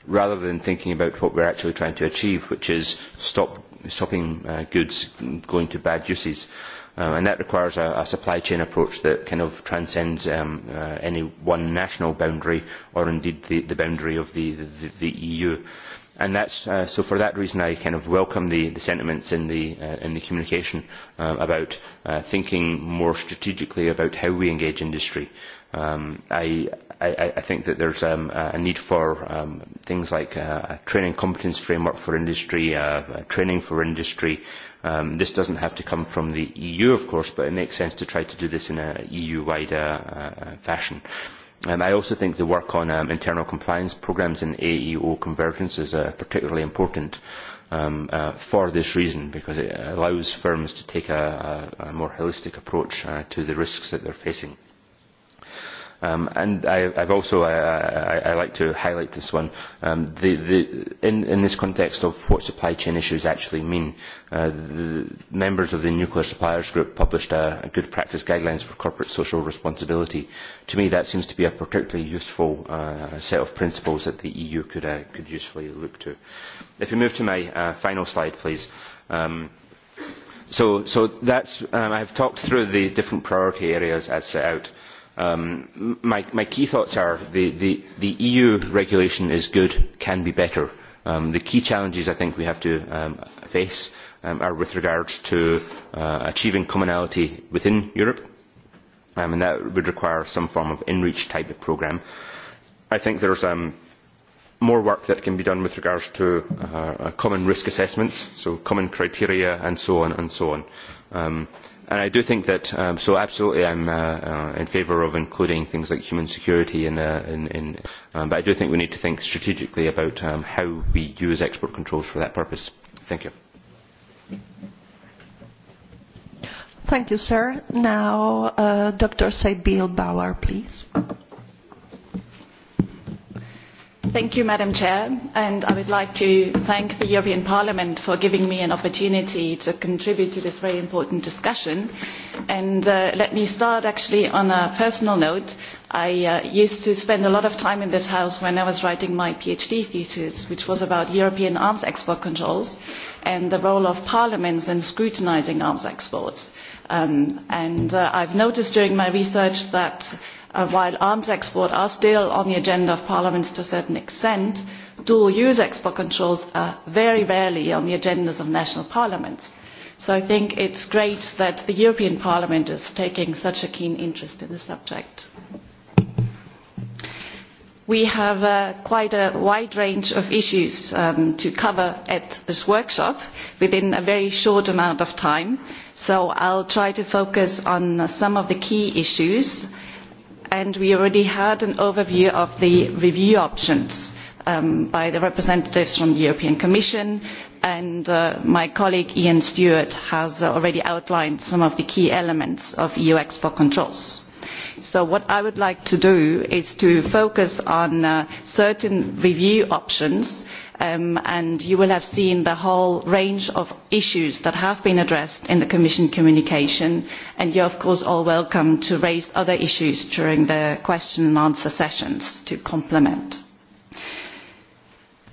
rather than thinking about what we're actually trying to achieve, which is stop, stopping uh, goods going to bad uses. Uh, and that requires a, a, supply chain approach that kind of transcends um, uh, any one national boundary or indeed the, the boundary of the, the, the EU. And that's, uh, so for that reason I kind of welcome the, the sentiments in the, uh, in the communication uh, about uh, thinking more strategically about how we engage industry. Um, I, I, I think that there's um, a need for um, things like uh, a training competence framework for industry, uh, training for industry, Um, this doesn't have to come from the EU, of course, but it makes sense to try to do this in an EU-wide uh, uh, fashion. Um, I also think the work on um, internal compliance programmes and AEO convergence is uh, particularly important um, uh, for this reason, because it allows firms to take a, a, a more holistic approach uh, to the risks that they're facing. Um, and I, would also, like to highlight this one, um, in, this context of what supply chain issues actually mean, uh, members of the Nuclear Suppliers Group published a, good practice guidelines for corporate social responsibility. To me, that seems to be a particularly useful uh, set of principles that the EU uh, could, usefully look to. If we move to my final slide, please. Um, so, I have talked through the different priority areas as set out Um, my, key thoughts are the, the, EU regulation is good, can be better. Um, the key challenges I think we have to um, face are with regard to uh, achieving commonality within Europe, and that would require some form of in-reach type of programme. I think there's is more work that can be done with regard to uh, common risk assessments, so common criteria and so on and so on. And I do think that, um, so absolutely I'm uh, uh, in favour of including things like human security in, uh, in, in um, but I do think we need to think strategically about um, how we use export controls for that purpose. Thank you. Thank you, sir. Now, uh, Dr. Sabil Bauer, please. Thank you, Madam Chair, and I would like to thank the European Parliament for giving me an opportunity to contribute to this very important discussion. And uh, let me start actually on a personal note. I uh, used to spend a lot of time in this house when I was writing my PhD thesis, which was about European arms export controls and the role of parliaments in scrutinising arms exports. Um, and uh, I've noticed during my research that Uh, while arms exports are still on the agenda of parliaments to a certain extent dual use export controls are very rarely on the agendas of national parliaments so i think it is great that the european parliament is taking such a keen interest in the subject. we have uh, quite a wide range of issues um, to cover at this workshop within a very short amount of time so i will try to focus on some of the key issues and and we already had an overview of the review options um, by the representatives from the European Commission and uh, my colleague Ian Stewart has already outlined some of the key elements of EU export controls. So what I would like to do is to focus on uh, certain review options and Um, and you will have seen the whole range of issues that have been addressed in the Commission communication and you are of course all welcome to raise other issues during the question and answer sessions to complement.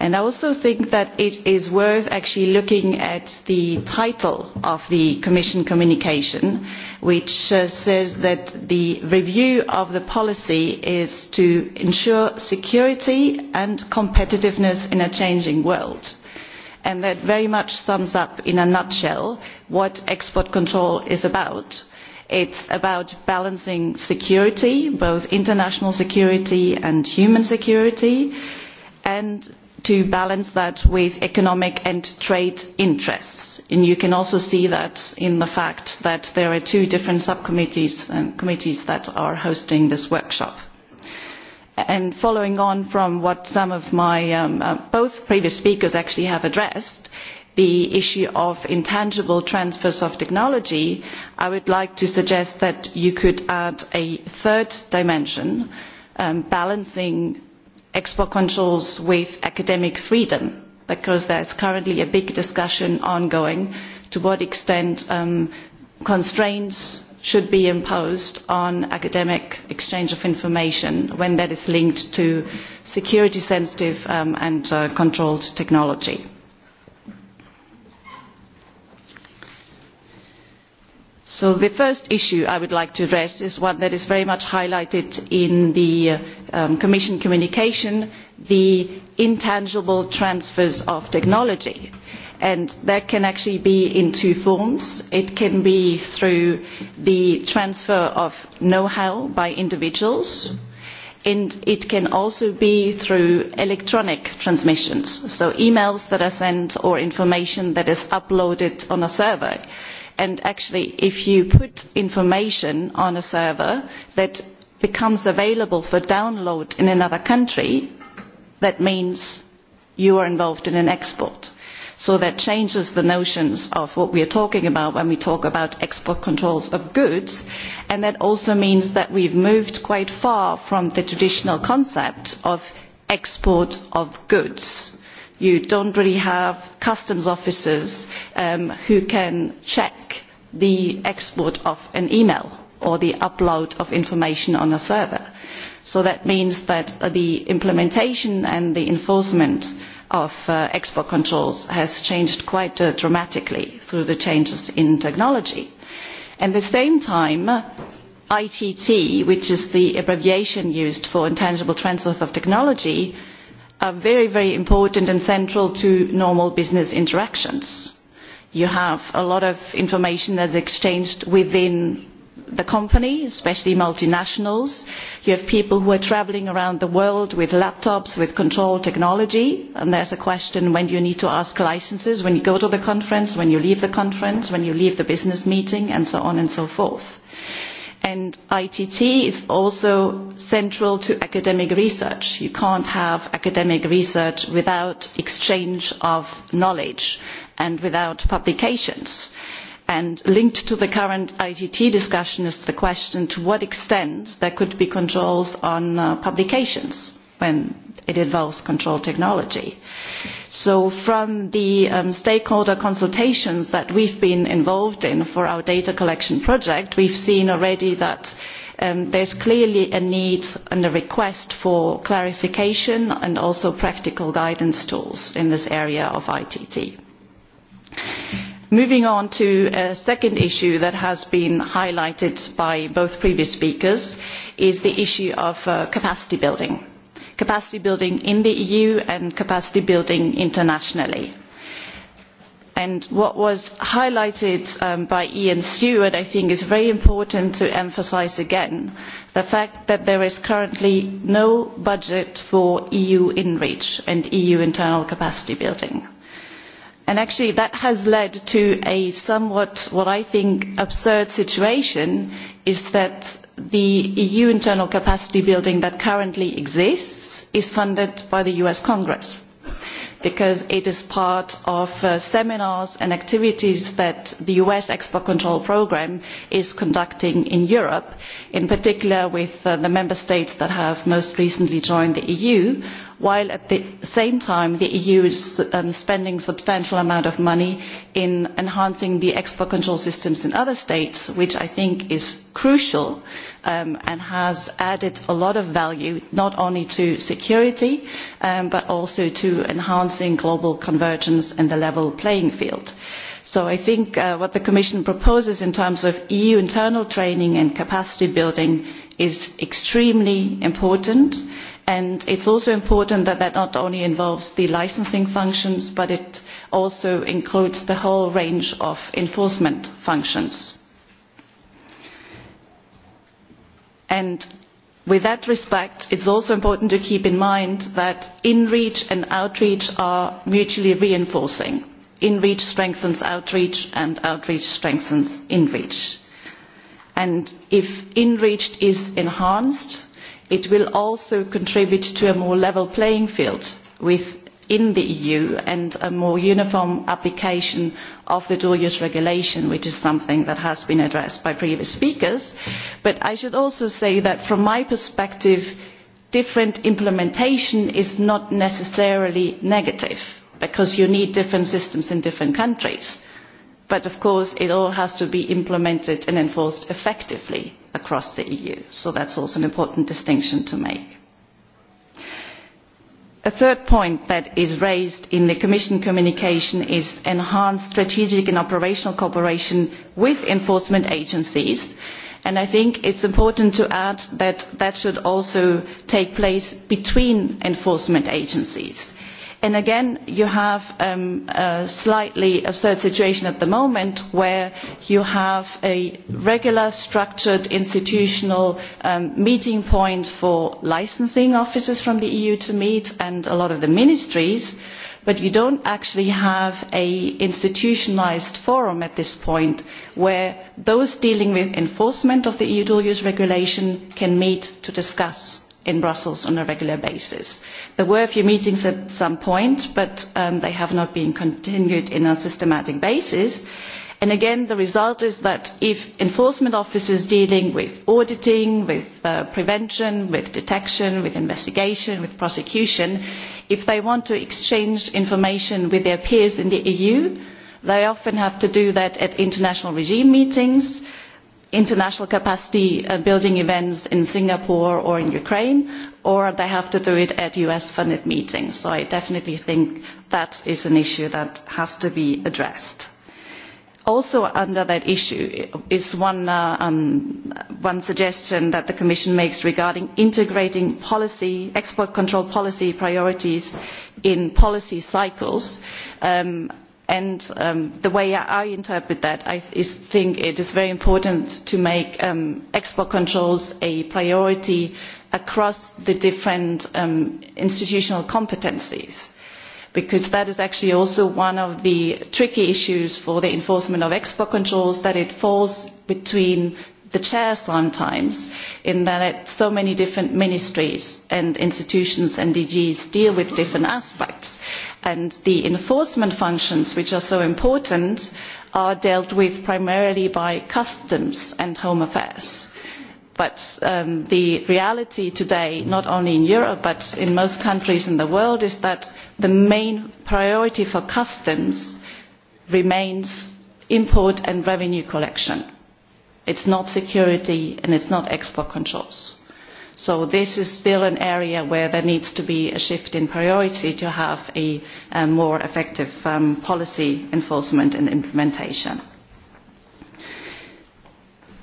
And I also think that it is worth actually looking at the title of the Commission communication, which uh, says that the review of the policy is to ensure security and competitiveness in a changing world. And that very much sums up in a nutshell what export control is about it's about balancing security both international security and human security and to balance that with economic and trade interests. And you can also see that in the fact that there are two different subcommittees and um, committees that are hosting this workshop. And following on from what some of my um, uh, both previous speakers actually have addressed, the issue of intangible transfers of technology, I would like to suggest that you could add a third dimension, um, balancing export controls with academic freedom because there is currently a big discussion ongoing to what extent um, constraints should be imposed on academic exchange of information when that is linked to security sensitive um, and uh, controlled technology. So the first issue I would like to address is one that is very much highlighted in the uh, um, Commission communication, the intangible transfers of technology. And that can actually be in two forms. It can be through the transfer of know-how by individuals, and it can also be through electronic transmissions, so emails that are sent or information that is uploaded on a server and actually if you put information on a server that becomes available for download in another country that means you are involved in an export so that changes the notions of what we are talking about when we talk about export controls of goods and that also means that we have moved quite far from the traditional concept of export of goods you don't really have customs officers um, who can check the export of an email or the upload of information on a server. So that means that the implementation and the enforcement of uh, export controls has changed quite uh, dramatically through the changes in technology. At the same time, ITT, which is the abbreviation used for Intangible Transfers of Technology, are very, very important and central to normal business interactions. You have a lot of information is exchanged within the company, especially multinationals. You have people who are travelling around the world with laptops, with control technology, and there is a question when you need to ask licences? when you go to the conference, when you leave the conference, when you leave the business meeting, and so on and so forth and ITT is also central to academic research. You can't have academic research without exchange of knowledge and without publications. And linked to the current ITT discussion is the question to what extent there could be controls on uh, publications when it involves control technology. So from the um, stakeholder consultations that we've been involved in for our data collection project, we've seen already that um, there's clearly a need and a request for clarification and also practical guidance tools in this area of ITT. Moving on to a second issue that has been highlighted by both previous speakers is the issue of uh, capacity building capacity building in the eu and capacity building internationally. And what was highlighted um, by ian stewart i think is very important to emphasise again the fact that there is currently no budget for eu inreach and eu internal capacity building. And actually that has led to a somewhat what i think absurd situation is that the EU internal capacity building that currently exists is funded by the US Congress because it is part of uh, seminars and activities that the US export control program is conducting in Europe, in particular with uh, the member states that have most recently joined the EU, while at the same time the EU is um, spending a substantial amount of money in enhancing the export control systems in other states, which I think is crucial. Um, and has added a lot of value not only to security um, but also to enhancing global convergence and the level playing field. So I think uh, what the Commission proposes in terms of EU internal training and capacity building is extremely important and it is also important that that not only involves the licensing functions but it also includes the whole range of enforcement functions. and with that respect it is also important to keep in mind that in reach and outreach are mutually reinforcing in reach strengthens outreach and outreach strengthens in reach and if in reach is enhanced it will also contribute to a more level playing field within the eu and a more uniform application of the dual use regulation which is something that has been addressed by previous speakers but i should also say that from my perspective different implementation is not necessarily negative because you need different systems in different countries but of course it all has to be implemented and enforced effectively across the eu so that is also an important distinction to make a third point that is raised in the commission communication is enhanced strategic and operational cooperation with enforcement agencies and i think it is important to add that this should also take place between enforcement agencies and again you have um, a slightly absurd situation at the moment where you have a regular structured institutional um, meeting point for licensing officers from the eu to meet and a lot of the ministries but you do not actually have an institutionalised forum at this point where those dealing with enforcement of the eu dual use regulation can meet to discuss in Brussels on a regular basis. There were a few meetings at some point, but um, they have not been continued on a systematic basis. And again, the result is that if enforcement officers dealing with auditing, with uh, prevention, with detection, with investigation, with prosecution, if they want to exchange information with their peers in the EU, they often have to do that at international regime meetings, uh, international capacity uh, building events in Singapore or in Ukraine, or they have to do it at US funded meetings. So I definitely think that is an issue that has to be addressed. Also under that issue is one, uh, um, one suggestion that the Commission makes regarding integrating policy, export control policy priorities in policy cycles. Um, and um, the way i interpret that i th think it is very important to make um, export controls a priority across the different um, institutional competencies because that is actually also one of the tricky issues for the enforcement of export controls that it falls between the chair sometimes in that so many different ministries and institutions and DGs deal with different aspects and the enforcement functions which are so important are dealt with primarily by customs and home affairs but um, the reality today not only in europe but in most countries in the world is that the main priority for customs remains import and revenue collection It's not security and it's not export controls. So this is still an area where there needs to be a shift in priority to have a, a more effective um, policy enforcement and implementation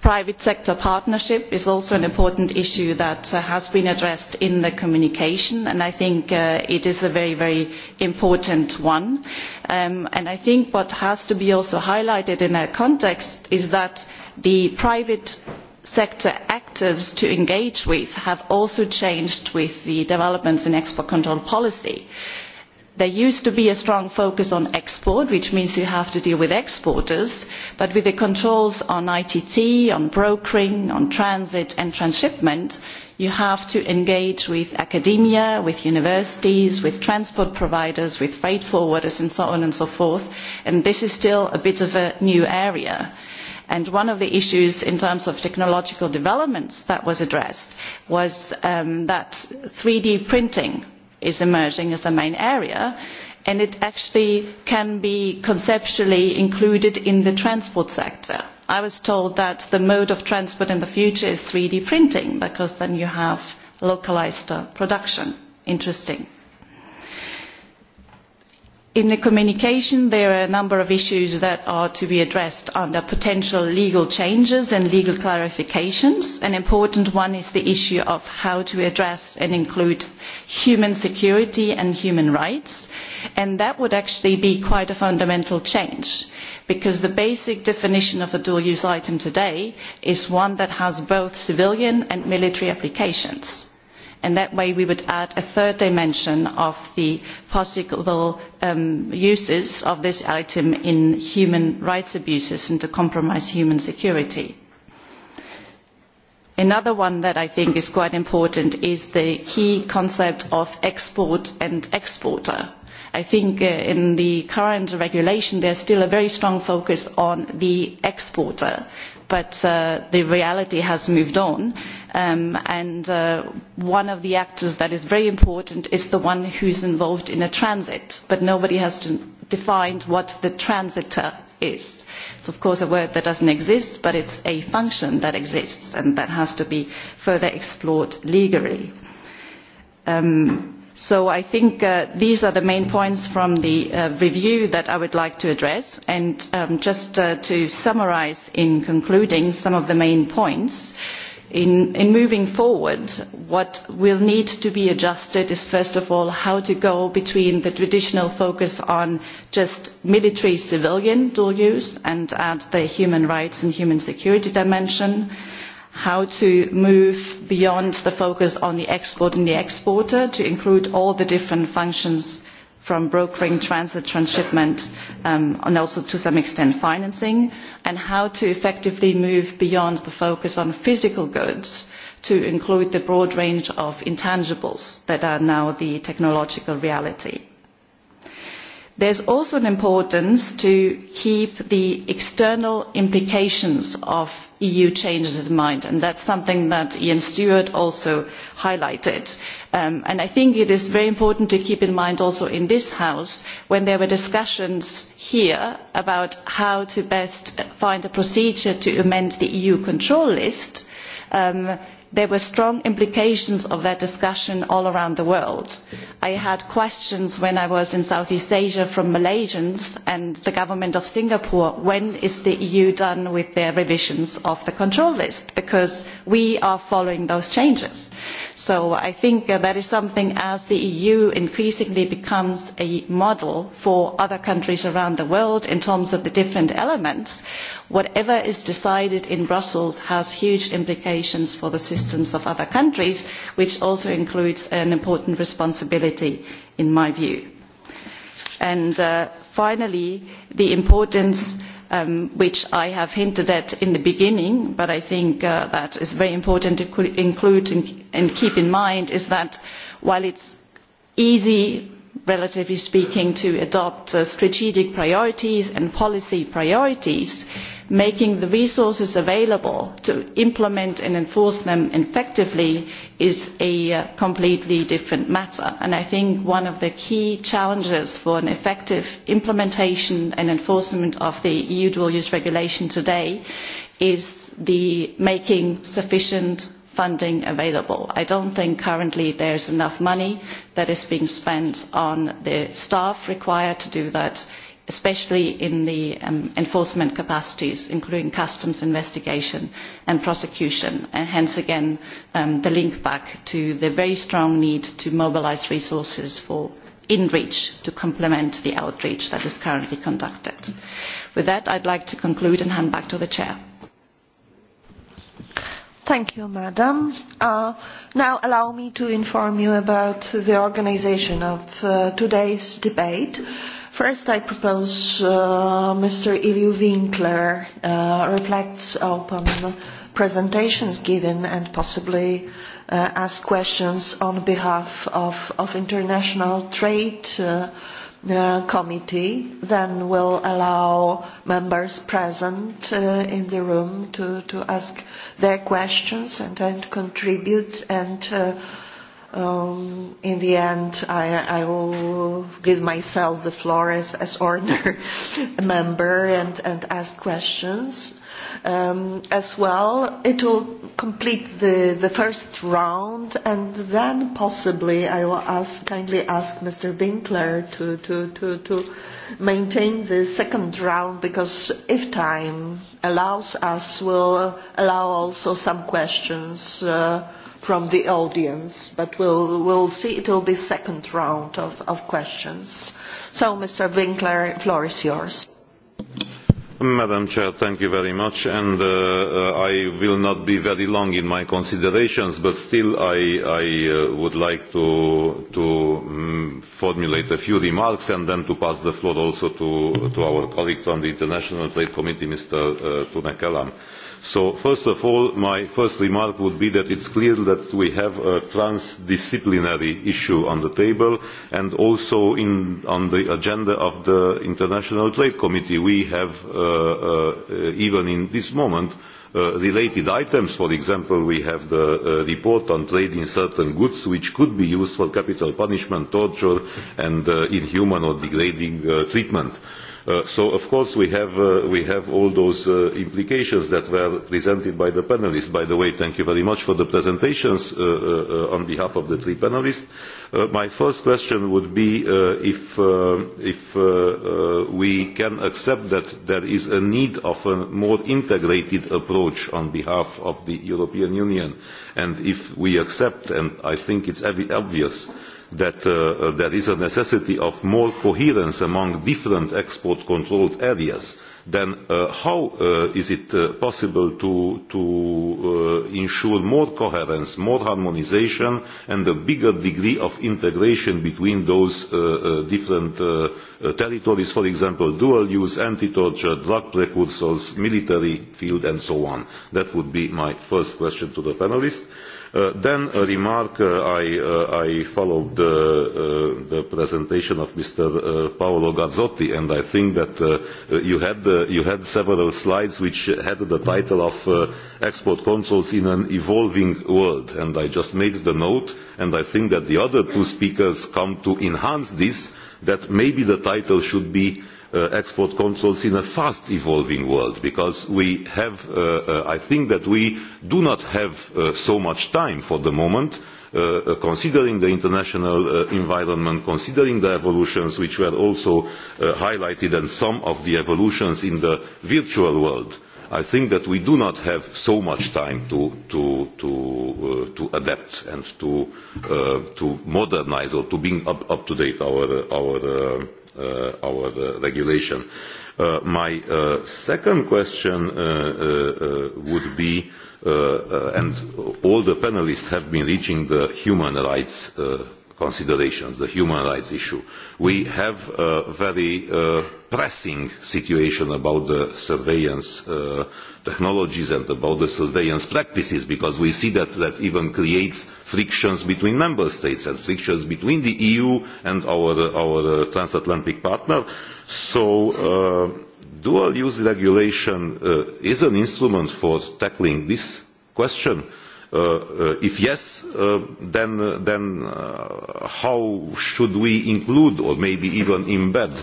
private sector partnership is also an important issue that uh, has been addressed in the communication and i think uh, it is a very very important one um, and i think what has to be also highlighted in that context is that the private sector actors to engage with have also changed with the developments in export control policy there used to be a strong focus on export which means you have to deal with exporters but with the controls on itt on brokering on transit and transshipment you have to engage with academia with universities with transport providers with freight forwarders and so on and so forth and this is still a bit of a new area and one of the issues in terms of technological developments that was addressed was um, that 3d printing is emerging as a main area and it actually can be conceptually included in the transport sector. I was told that the mode of transport in the future is 3D printing because then you have localised uh, production. Interesting in the communication there are a number of issues that are to be addressed under potential legal changes and legal clarifications. an important one is the issue of how to address and include human security and human rights and that would actually be quite a fundamental change because the basic definition of a dual use item today is one that has both civilian and military applications and that way we would add a third dimension of the possible um, uses of this item in human rights abuses and to compromise human security. Another one that I think is quite important is the key concept of export and exporter I think uh, in the current regulation there is still a very strong focus on the exporter, but uh, the reality has moved on. Um, and uh, one of the actors that is very important is the one who is involved in a transit, but nobody has defined what the transitor is. It's of course a word that doesn't exist, but it's a function that exists and that has to be further explored legally. Um, so i think uh, these are the main points from the uh, review that i would like to address and um, just uh, to summarise in concluding some of the main points in, in moving forward what will need to be adjusted is first of all how to go between the traditional focus on just military civilian dual use and add the human rights and human security dimension and how to move beyond the focus on the export and the exporter to include all the different functions from brokering, transit, transshipment, um, and also to some extent financing, and how to effectively move beyond the focus on physical goods to include the broad range of intangibles that are now the technological reality. There is also an importance to keep the external implications of eu changes its mind and that is something that ian stewart also highlighted. Um, and i think it is very important to keep in mind also in this house when there were discussions here about how to best find a procedure to amend the eu control list um, there were strong implications of that discussion all around the world. i had questions when i was in south east asia from malaysians and the government of singapore when is the eu done with their revisions of the control list because we are following those changes. so i think that is something as the eu increasingly becomes a model for other countries around the world in terms of the different elements whatever is decided in brussels has huge implications for the systems of other countries which also includes an important responsibility in my view. And, uh, finally the importance um, which i have hinted at in the beginning but i think uh, that is very important to include and keep in mind is that while it is easy relatively speaking to adopt uh, strategic priorities and policy priorities making the resources available to implement and enforce them effectively is a uh, completely different matter and i think one of the key challenges for an effective implementation and enforcement of the eu dual use regulation today is the making sufficient funding available. I don't think currently there is enough money that is being spent on the staff required to do that especially in the um, enforcement capacities, including customs investigation and prosecution, and hence again um, the link back to the very strong need to mobilise resources for in-reach to complement the outreach that is currently conducted. With that, I'd like to conclude and hand back to the Chair. Thank you, Madam. Uh, now allow me to inform you about the organisation of uh, today's debate. Uh, First, I propose uh, Mr. Ilyu Winkler uh, reflects upon presentations given and possibly uh, ask questions on behalf of, of International Trade uh, uh, Committee. Then we'll allow members present uh, in the room to, to ask their questions and, and contribute and uh, um, in the end, I, I will give myself the floor as, as ordinary member and, and ask questions. Um, as well, it will complete the, the first round, and then possibly I will ask, kindly ask Mr. Winkler to, to, to, to maintain the second round because if time allows us, we'll allow also some questions. Uh, from the audience, but we'll, we'll see. It will be second round of, of questions. So, Mr. Winkler, floor is yours. Madam Chair, thank you very much, and uh, uh, I will not be very long in my considerations, but still I, I uh, would like to, to um, formulate a few remarks and then to pass the floor also to, to our colleague from the International Trade Committee, Mr. Uh, Tunne Uh, so first of all my first remark would be that it is clear that we have a transdisciplinary issue on the table and also in, on the agenda of the international trade committee we have uh, uh, even in this moment uh, related items. For example, we have the uh, report on trade in certain goods which could be used for capital punishment, torture and uh, inhuman or degrading uh, treatment. Uh, Uh, so of course we have, uh, all those uh, implications that were presented by the panelists. By the way, thank you very much for the presentations on behalf of the three panelists. my first question would be if, we can accept that there is a need of a more integrated approach on behalf of the European Union and if we accept, and I think it's obvious, that that uh, there is a necessity of more coherence among different export controlled areas, then uh, how uh, is it uh, possible to, to uh, ensure more coherence, more harmonization, and a bigger degree of integration between those uh, uh, different uh, uh, territories, for example, dual use, anti-torture, drug precursors, military field, and so on? That would be my first question to the panelists. Uh, then a remark uh, I, uh, I followed the, the presentation of Mr. Paolo Gazzotti and I think that you had, you had several slides which had the title of export controls in an evolving world and I just made the note and I think that the other two speakers come to enhance this that maybe the title should be Uh, export controls in a fast evolving world because we have, uh, uh, I think that we do not have uh, so much time for the moment uh, uh, considering the international environment, considering the evolutions which were also highlighted and some of the evolutions in the virtual world. I think that we do not have so much time to, to, to, to adapt and to, to modernize or to bring up, up to date our, our Uh, our uh, regulation. Uh, my second question would be and all the panelists have been reaching the human rights considerations, the human rights issue. We have a very uh, pressing situation about the surveillance uh, technologies and about the surveillance practices because we see that that even creates frictions between member states and frictions between the EU and our, our uh, transatlantic partner. So uh, dual use regulation uh, is an instrument for tackling this question Uh, uh, if yes uh, then, then uh, how should we include or maybe even embed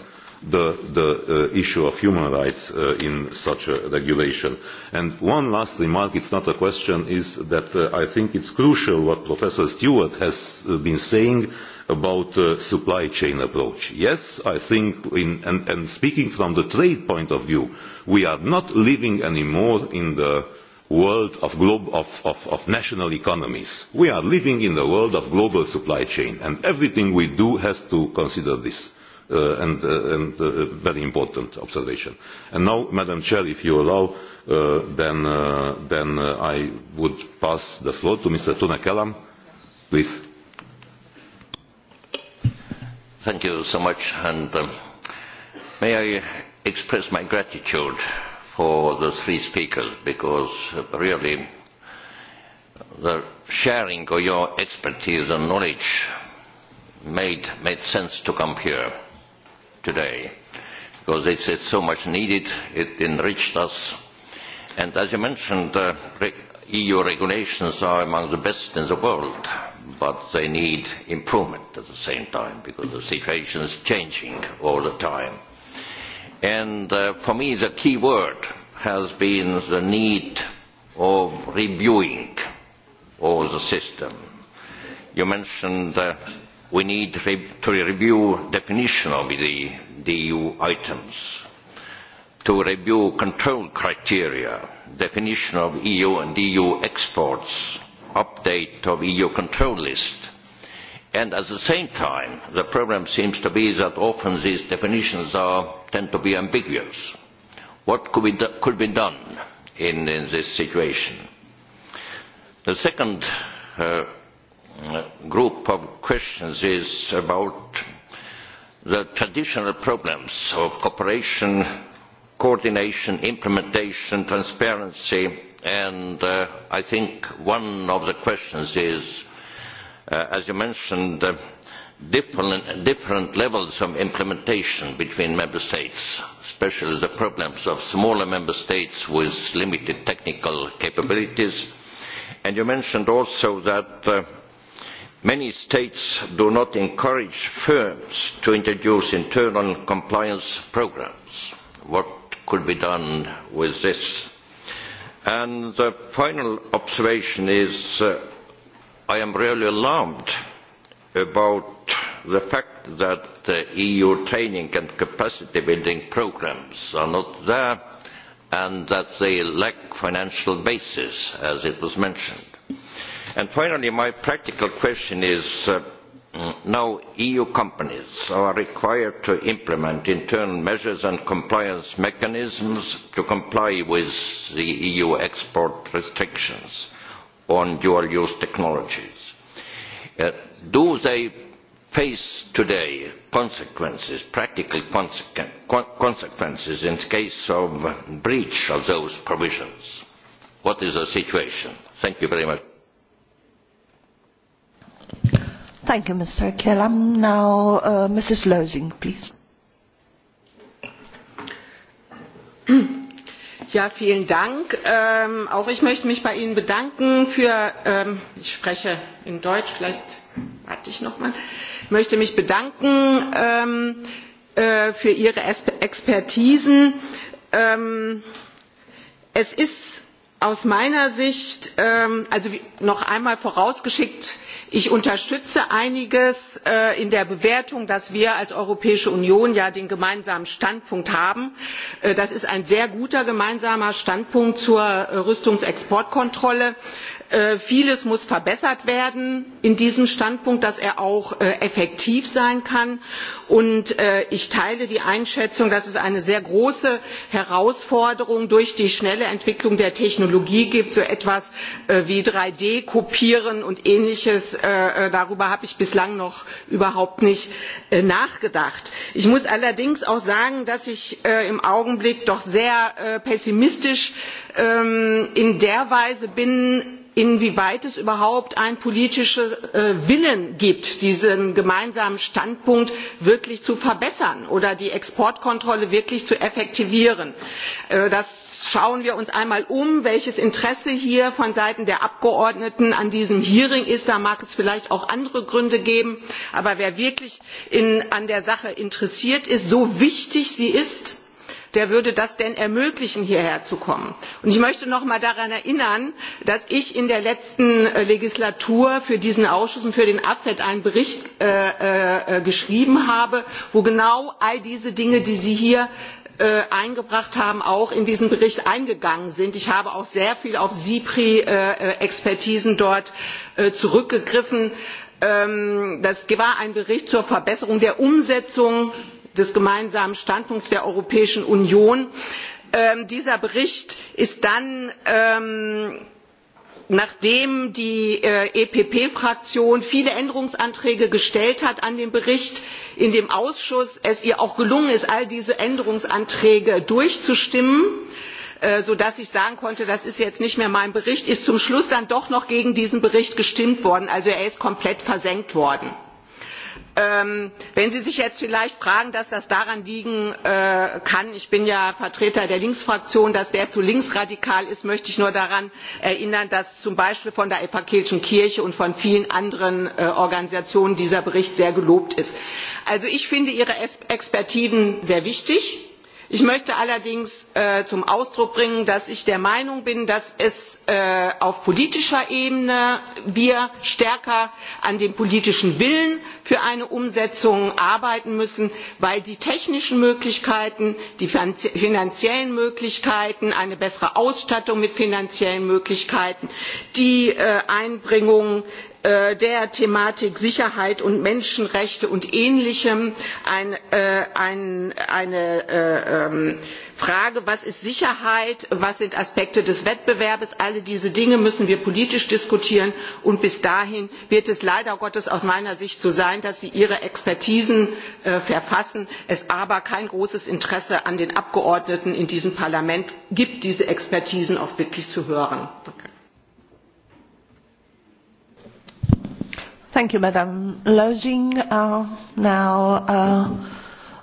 the, the uh, issue of human rights uh, in such a regulation? And one last remark it's not a question is that i think it's crucial what professor stewart has been saying about the supply chain approach. yes i think in, and, and speaking from the trade point of view we are not living anymore in the world of, globe, of, of, of national economies. We are living in the world of global supply chain and everything we do has to consider this. Uh, and, uh, and uh, very important observation. And now, Madam Chair, if you allow, uh, then, uh, then uh, I would pass the floor to Mr. Tuna Kellam. Please. Thank you so much, and um, may I express my gratitude for the three speakers because uh, really the sharing of your expertise and knowledge made, made sense to come here today because it's, it's so much needed, it enriched us. And as you mentioned, uh, EU regulations are among the best in the world, but they need improvement at the same time because the situation is changing all the time And uh, for me, the key word has been the need of reviewing of the system. You mentioned uh, we need re to review definition of the, EU items, to review control criteria, definition of EU and EU exports, update of EU control list, and at the same time the problem seems to be that often these definitions are, tend to be ambiguous. What could be, do, could be done in, in this situation? The second uh, group of questions is about the traditional problems of cooperation, coordination, implementation, transparency, and uh, I think one of the questions is Uh, as you mentioned, uh, different, levels of implementation between member states, especially the problems of smaller member states with limited technical capabilities. And you mentioned also that uh, many states do not encourage firms to introduce internal compliance programs. What could be done with this? And the final observation is I am really alarmed about the fact that the EU training and capacity building programmes are not there and that they lack financial basis, as it was mentioned. And finally, my practical question is, uh, now EU companies are required to implement internal measures and compliance mechanisms to comply with the EU export restrictions on dual-use technologies. Uh, do they face today consequences, practical consequences in case of breach of those provisions? What is the situation? Thank you very much. Thank you, Mr. Kellam. Now, uh, Mrs. Losing, please. Ja, vielen Dank. Ähm, auch ich möchte mich bei Ihnen bedanken für, ähm, ich spreche in Deutsch, vielleicht warte ich noch mal, ich möchte mich bedanken ähm, äh, für Ihre Expertisen. Ähm, es ist aus meiner sicht ähm, also noch einmal vorausgeschickt ich unterstütze einiges äh, in der bewertung dass wir als europäische union ja den gemeinsamen standpunkt haben äh, das ist ein sehr guter gemeinsamer standpunkt zur äh, rüstungsexportkontrolle. Äh, vieles muss verbessert werden in diesem standpunkt dass er auch äh, effektiv sein kann und äh, ich teile die einschätzung dass es eine sehr große herausforderung durch die schnelle entwicklung der technologie gibt so etwas wie drei d kopieren und ähnliches darüber habe ich bislang noch überhaupt nicht nachgedacht. ich muss allerdings auch sagen dass ich im augenblick doch sehr pessimistisch ähm, in der weise bin inwieweit es überhaupt einen politischen äh, willen gibt diesen gemeinsamen standpunkt wirklich zu verbessern oder die exportkontrolle wirklich zu effektivieren. Äh, schauen wir uns einmal um welches interesse hier von seiten der abgeordneten an diesem hearing ist da mag es vielleicht auch andere gründe geben aber wer wirklich an der sache interessiert ist so wichtig sie ist der würde das denn ermöglichen hierher zu kommen? Und ich möchte noch einmal daran erinnern dass ich in der letzten äh, legislatur für diesen ausschuss und für den afet einen bericht äh, äh, geschrieben habe wo genau all diese dinge die sie hier eingebracht haben auch in diesen bericht eingegangen sind. ich habe auch sehr viel auf cipri expertisen dort zurückgegriffen. Ähm, das war ein bericht zur verbesserung der umsetzung des gemeinsamen standpunkts der europäischen union. Ähm, dieser bericht ist dann ähm, nachdem die äh, epp fraktion viele änderungsanträge gestellt hat an den bericht in dem ausschuss es ihr auch gelungen ist all diese änderungsanträge durchzustimmen äh, sodass ich sagen konnte das ist jetzt nicht mehr mein bericht ist zum schluss dann doch noch gegen diesen bericht gestimmt worden also er ist komplett versenkt worden Ähm, wenn sie sich jetzt vielleicht fragen dass das daran liegen äh, kann ich bin ja vertreter der linksfraktion dass der zu linksradikal ist möchte ich nur daran erinnern dass zum beispiel von der evangelischen kirche und von vielen anderen äh, organisationen dieser bericht sehr gelobt ist. also ich finde ihre expertisen sehr wichtig ich möchte allerdings äh, zum ausdruck bringen dass ich der meinung bin dass wir auf politischer ebene stärker an dem politischen willen für eine umsetzung arbeiten müssen weil die technischen möglichkeiten die finanziellen möglichkeiten eine bessere ausstattung mit finanziellen möglichkeiten die äh, einbringung äh, der thematik sicherheit und menschenrechte und ähnlichem äh, eine ähm, frage was ist sicherheit was sind aspekte des wettbewerbs all diese dinge müssen wir politisch diskutieren und bis dahin wird es leider gottes aus meiner sicht so sein dass sie ihre expertisen äh, verfassen es aber kein großes interesse an den abgeordneten in diesem parlament gibt diese expertisen auch wirklich zu hören.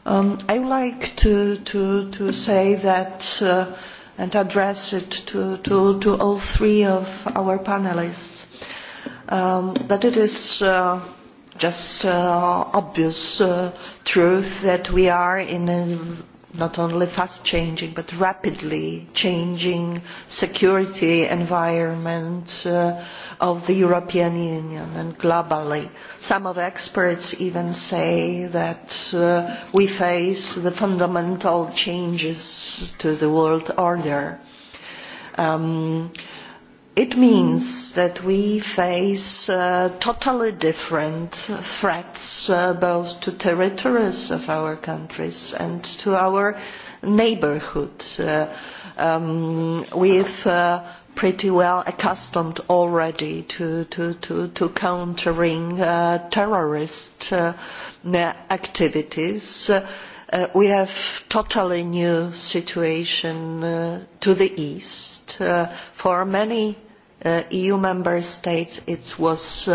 Um, I would like to, to, to say that uh, and address it to, to, to all three of our panelists um, that it is uh, just uh, obvious uh, truth that we are in a not only fast changing but rapidly changing security environment uh, of the European Union and globally. Some of the experts even say that uh, we face the fundamental changes to the world order. Um, it means that we face uh, totally different threats uh, both to territories of our countries and to our neighbourhood. Uh, um, we've uh, pretty well accustomed already to, to, to, to countering uh, terrorist uh, activities. Uh, Uh, we have a totally new situation uh, to the east. Uh, for many eu member states it was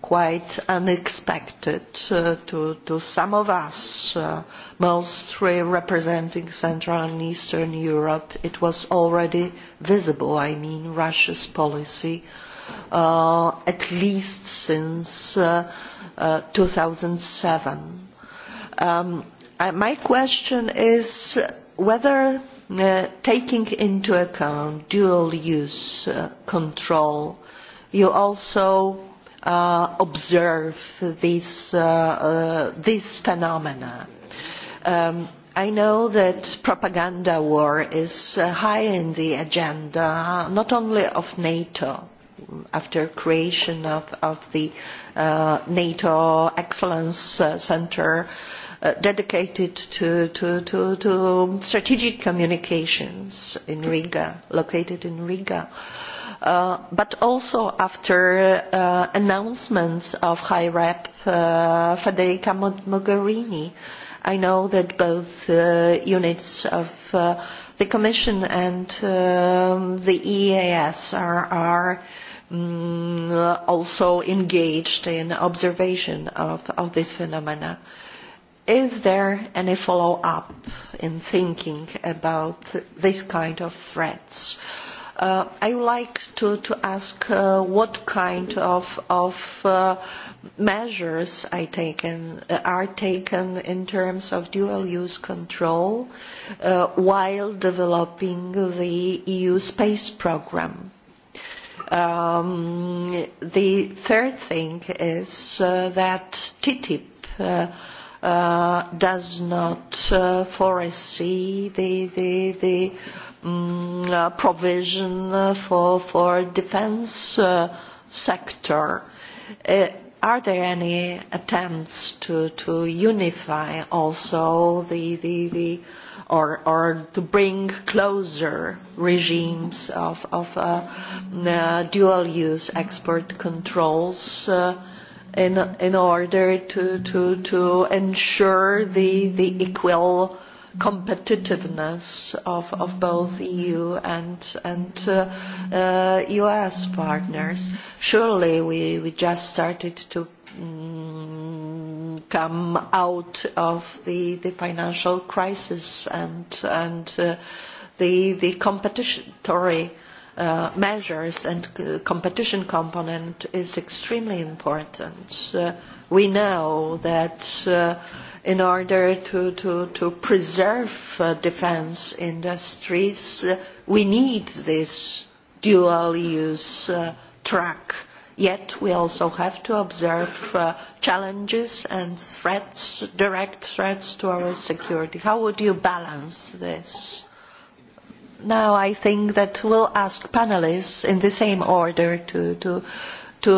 quite unexpected to, to some of us mostly representing central and eastern europe. it was already visible i mean russia's policy at least since two thousand and seven um, Uh, my question is whether Uh, taking into account dual use uh, control, you also uh, observe these, uh, uh, these phenomena. Um, I know that propaganda war is high in the agenda, not only of NATO, after creation of, of the NATO Excellence Centre, uh, Uh, dedicated to, to, to, to strategic communications in Riga, located in Riga. Uh, but also after uh, announcements of High Rep uh, Federica Mogherini, I know that both uh, units of uh, the Commission and um, the EAS are, are um, also engaged in observation of, of this phenomena. Uh, is there any follow-up in thinking about this kind of threats? Uh, I would like to, to ask uh, what kind of, of uh, measures I taken, uh, are taken in terms of dual-use control uh, while developing the EU space programme. Um, the third thing is uh, that TTIP uh, does not uh, foresee the, the, the um, uh, provision uh, for, for defense uh, sector. Uh, are there any attempts to, to unify also the, the, the or, or to bring closer regimes of, of uh, uh, dual use export controls uh, in, in order to, to, to ensure the, the equal competitiveness of, of both EU and, and uh, uh, US partners. Surely we, we just started to um, come out of the, the financial crisis and, and uh, the, the competitory uh, Uh, measures and uh, competition component is extremely important. Uh, we know that uh, in order to, to, to preserve uh, defense industries, uh, we need this dual-use uh, track. Yet we also have to observe uh, challenges and threats, direct threats to our security. How would you balance this? now I think that we'll ask panelists in the same order to, to, to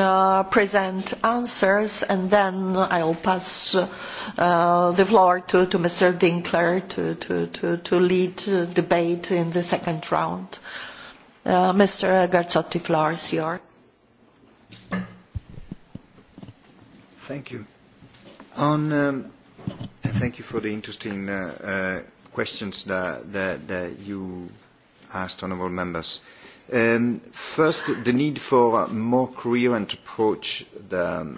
uh, present answers and then I'll pass uh, the floor to, to Mr. Winkler to, to, to, to lead the debate in the second round. Uh, Mr. Garzotti, floor is yours. Thank you. On, um, thank you for the interesting uh, uh, questions that, that, that you asked, honourable members. Um, first, the need for a more coherent approach that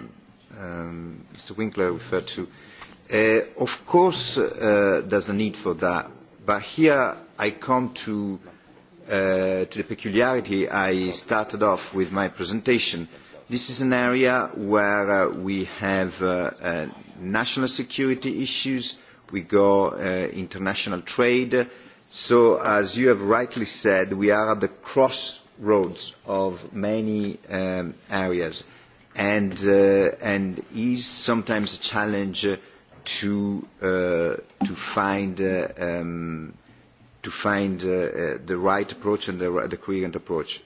um, Mr. Winkler referred to. Uh, of course, uh, there's a need for that, but here I come to, uh, to the peculiarity I started off with my presentation. This is an area where uh, we have uh, uh, national security issues, we go uh, international trade. So as you have rightly said, we are at the crossroads of many um, areas and, uh, and is sometimes a challenge uh, to, uh, to find, uh, um, to find uh, uh, the right approach and the, the coherent approach.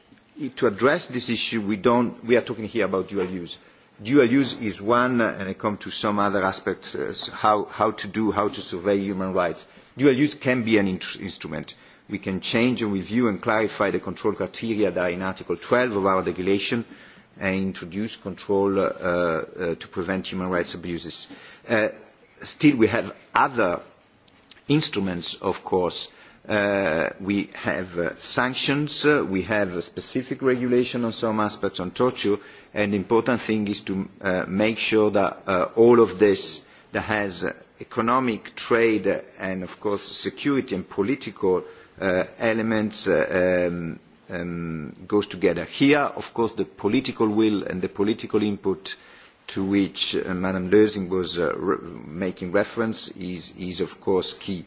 To address this issue, we, don't, we are talking here about dual use dual use is one, uh, and I come to some other aspects, uh, how, how to do, how to survey human rights. Dual use can be an instrument. We can change and review and clarify the control criteria that are in Article 12 of our regulation and introduce control uh, uh, uh, to prevent human rights abuses. Uh, still, we have other instruments, of course, Uh, we have uh, sanctions, uh, we have a specific regulation on some aspects on torture, and the important thing is to make sure that all of this that has economic, trade, and of course security and political elements um, um, goes together. Here, of course, the political will and the political input to which Madam Lösing was making reference is, is, of course, key.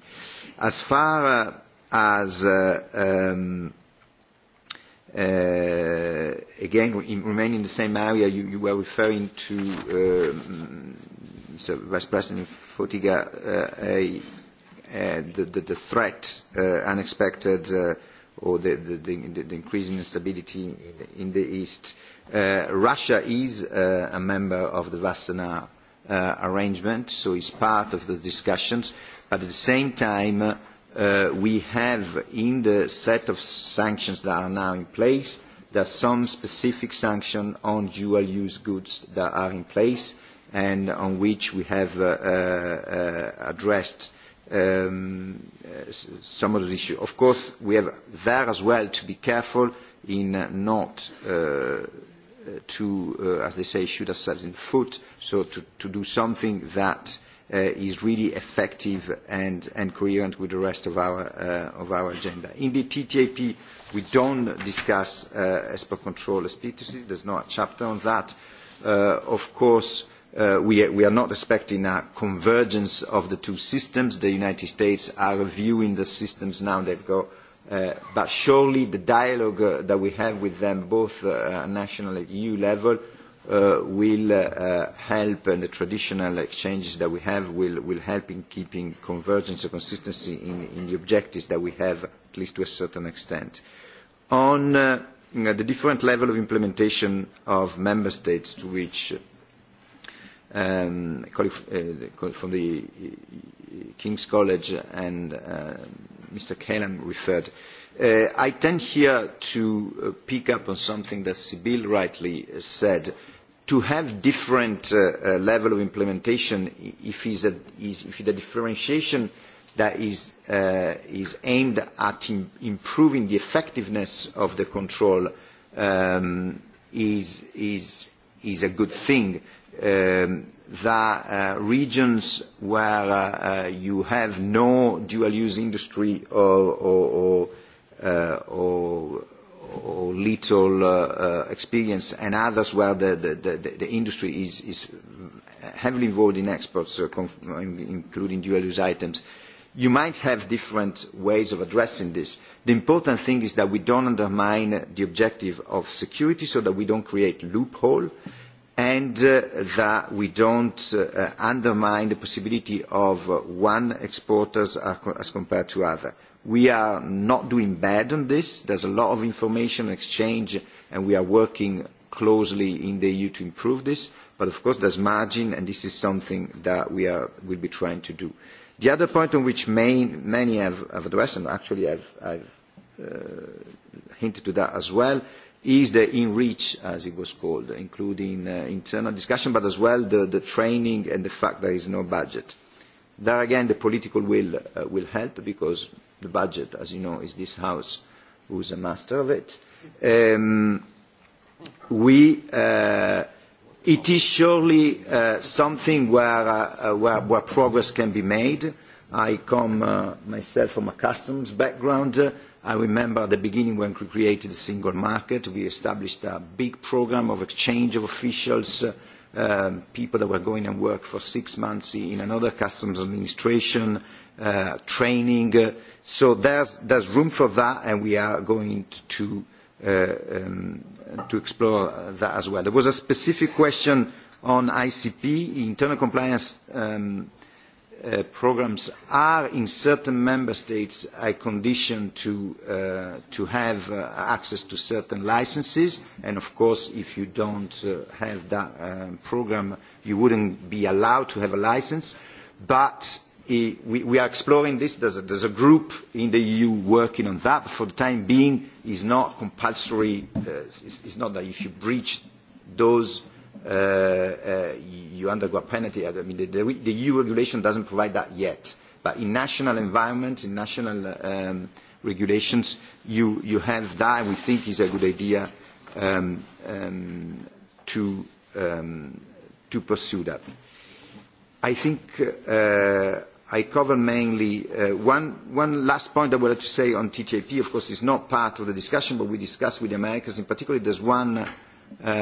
As far as uh, um, Uh, again, in, remaining in the same area, you, you were referring to um, so Vice President Fotiga, uh, a, uh, the, the, the threat, uh, unexpected, uh, or the, the, the, the increasing instability in the, in the East. Uh, Russia is uh, a member of the Vassana uh, arrangement, so it's part of the discussions, but at the same time, uh, Uh, we have in the set of sanctions that are now in place, there are some specific sanctions on dual-use goods that are in place and on which we have uh, uh, addressed um, some of the issues. Of course, we have there as well to be careful in not uh, to, uh, as they say, shoot ourselves in the foot, so to, to do something that uh, is really effective and, and coherent with the rest of our, uh, of our agenda. In the TTIP, we don't discuss uh, ESPA control explicitly. There's no chapter on that. Uh, of course, uh, we, we are not expecting a convergence of the two systems. The United States are reviewing the systems now. They've got Uh, but surely the dialogue uh, that we have with them, both uh, at national and EU level, uh, will uh, help and the traditional exchanges that we have will, will help in keeping convergence and consistency in, in the objectives that we have, at least to a certain extent. On uh, you know, the different level of implementation of member states to which um, uh, from the King's College and uh, Mr. Kalam referred, uh, Uh, I tend here to uh, pick up on something that Sibyl rightly said. To have different uh, uh level of implementation, if, is a, is, if the differentiation that is, is aimed at Im improving the effectiveness of the control um, is, is, is a good thing. Um, uh, regions where uh, uh, you have no dual-use industry or, or, or uh, or, or little uh, uh, experience, and others where the, the, the, the industry is, is heavily involved in exports, uh, including dual-use items, you might have different ways of addressing this. The important thing is that we don't undermine the objective of security so that we don't create loophole and uh, that we don't uh, uh undermine the possibility of uh, one exporters as compared to other We are not doing bad on this. There is a lot of information exchange, and we are working closely in the EU to improve this. But of course, there is margin, and this is something that we are, will be trying to do. The other point on which main, many have, have addressed, and actually I've, I've uh, hinted to that as well, is the in-reach, as it was called, including uh, internal discussion, but as well the, the training and the fact there is no budget. There again, the political will uh, will help because the budget, as you know, is this House who is a master of it. Um, we, uh, it is surely uh, something where, uh, uh, where, where progress can be made. I come uh, myself from a customs background. Uh, I remember at the beginning when we created the single market, we established a big program of exchange of officials, uh, um, people that were going and work for six months in another customs administration, Uh, training. so there's, there's room for that, and we are going to, uh, um, to explore that as well. There was a specific question on ICP. Internal compliance um, uh, programs are in certain member states a condition to, uh, to have uh, access to certain licenses and of course if you don't uh, have that um, program you wouldn't be allowed to have a license but we, are exploring this. There's a, a group in the EU working on that. But for the time being, it's not compulsory. Uh, it it's, not that if you breach those, uh, uh, you undergo a penalty. I mean, the, EU regulation doesn't provide that yet. But in national environments, in national um, regulations, you, have that. We think is a good idea um, um, to, pursue that. I think I cover mainly uh, one, one last point I would like to say on TTIP. Of course, it's not part of the discussion, but we discuss with the Americans. In particular, there's one, uh,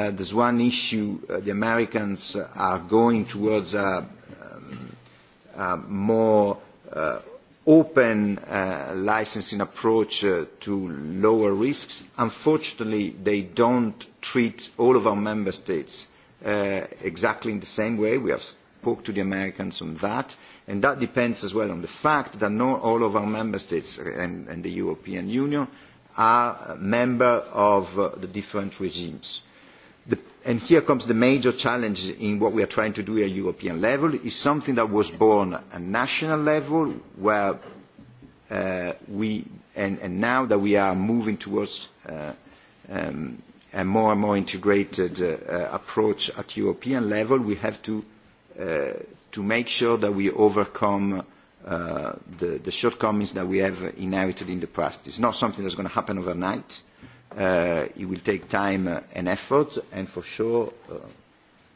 there's one issue uh, the Americans are going towards a, um, a more uh, open uh, licensing approach uh, to lower risks. Unfortunately, they don't treat all of our member states uh, exactly in the same way. We have spoke to the Americans on that, and that depends as well on the fact that not all of our member states and, and the European Union are members of uh, the different regimes. The, and here comes the major challenge in what we are trying to do at European level is something that was born at national level where uh, we, and, and now that we are moving towards uh, um, a more and more integrated uh, uh, approach at European level, we have to Uh, to make sure that we overcome uh, the, the shortcomings that we have inherited in the past. It's not something that's going to happen overnight. Uh, it will take time and effort, and for sure, uh,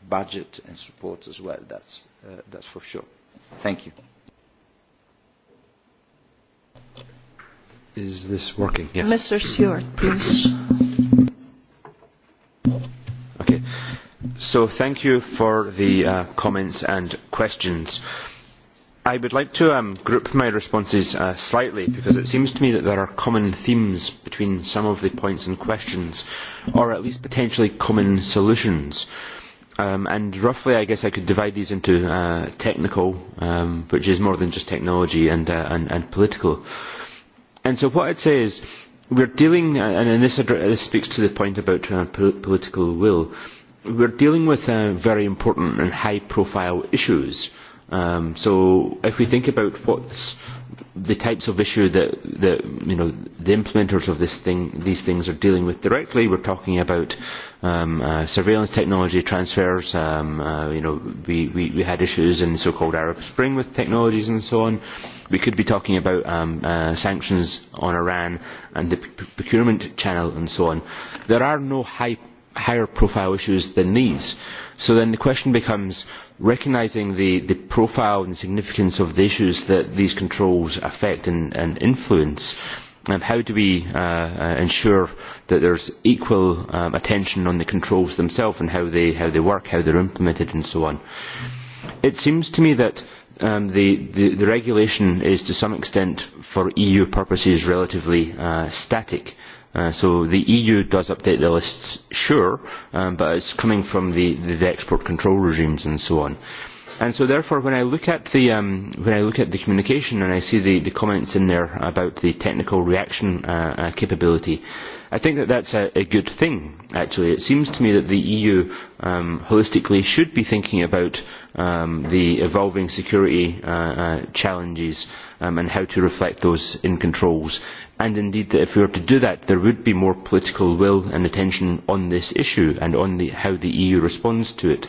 budget and support as well. That's, uh, that's for sure. Thank you. Is this working? Yes. Mr. Stewart, please. So thank you for the uh, comments and questions. I would like to um, group my responses uh, slightly because it seems to me that there are common themes between some of the points and questions, or at least potentially common solutions. Um, and roughly, I guess I could divide these into uh, technical, um, which is more than just technology, and, uh, and, and political. And so what I'd say is we're dealing, uh, and, this, this speaks to the point about uh, political will, we're dealing with uh, very important and high profile issues. Um, so if we think about what's the types of issue that, that you know the implementers of this thing, these things are dealing with directly, we're talking about um, uh, surveillance technology transfers. Um, uh, you know, we, we, we had issues in the so-called Arab Spring with technologies and so on. We could be talking about um, uh, sanctions on Iran and the procurement channel and so on. There are no high higher profile issues than these. So then the question becomes recognising the, the profile and significance of the issues that these controls affect and, and influence. Um, how do we uh, uh, ensure that there's equal um, attention on the controls themselves and how they, how they work, how they're implemented and so on? It seems to me that um, the, the, the regulation is to some extent for EU purposes relatively uh, static Uh, so the EU does update the lists, sure, um, but it's coming from the, the export control regimes and so on. And so therefore, when I look at the, um, when I look at the communication and I see the, the comments in there about the technical reaction uh, uh, capability, I think that that's a, a good thing, actually. It seems to me that the EU um, holistically should be thinking about um, the evolving security uh, uh, challenges um, and how to reflect those in controls and indeed if we were to do that there would be more political will and attention on this issue and on the, how the EU responds to it.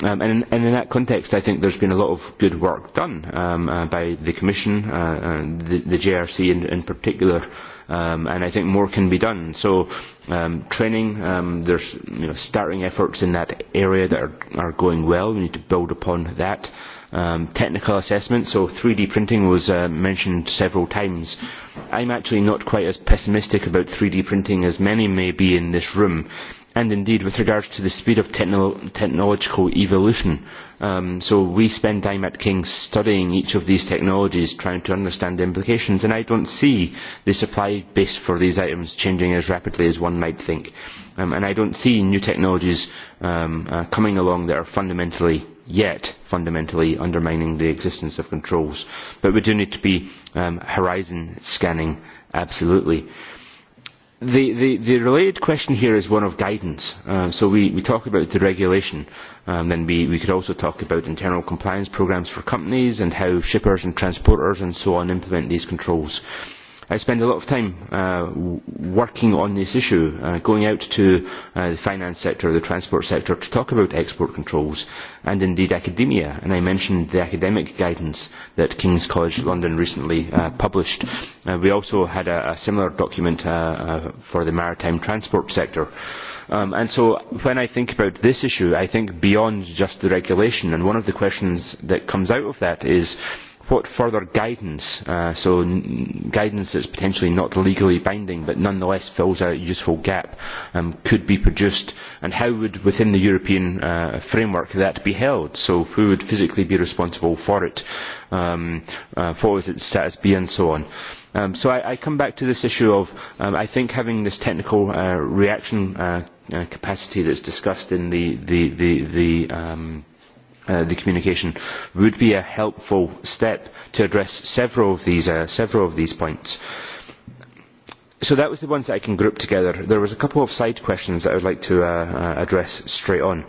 Um, and, and in that context I think there's been a lot of good work done um, uh, by the Commission, uh, and the, the JRC in, in particular, um, and I think more can be done. So um, training, um, there's you know, starting efforts in that area that are, are going well, we need to build upon that um, technical assessment, so 3D printing was uh, mentioned several times. I'm actually not quite as pessimistic about 3D printing as many may be in this room, and indeed with regards to the speed of techno technological evolution. Um, so we spend time at King's studying each of these technologies, trying to understand the implications, and I don't see the supply base for these items changing as rapidly as one might think. Um, and I don't see new technologies um, uh, coming along that are fundamentally yet fundamentally undermining the existence of controls. But we do need to be um, horizon scanning, absolutely. The, the, the related question here is one of guidance. Um, so we, we talk about the regulation, um, then we, we could also talk about internal compliance programs for companies and how shippers and transporters and so on implement these controls. I spend a lot of time uh, working on this issue, uh, going out to uh, the finance sector, the transport sector, to talk about export controls, and indeed academia. And I mentioned the academic guidance that King's College London recently uh, published. Uh, we also had a, a similar document uh, uh, for the maritime transport sector. Um, and so when I think about this issue, I think beyond just the regulation. And one of the questions that comes out of that is, uh, what further guidance, uh, so guidance guidance that's potentially not legally binding but nonetheless fills a useful gap, um, could be produced and how would within the European uh, framework that be held? So who would physically be responsible for it? what um, uh, would its status be and so on? Um, so I, come back to this issue of I think having this technical reaction capacity that capacity that's discussed in the, the, the, the Uh, the communication would be a helpful step to address several of these, uh, several of these points. So that was the ones that I can group together. There was a couple of side questions that I would like to uh, uh address straight on.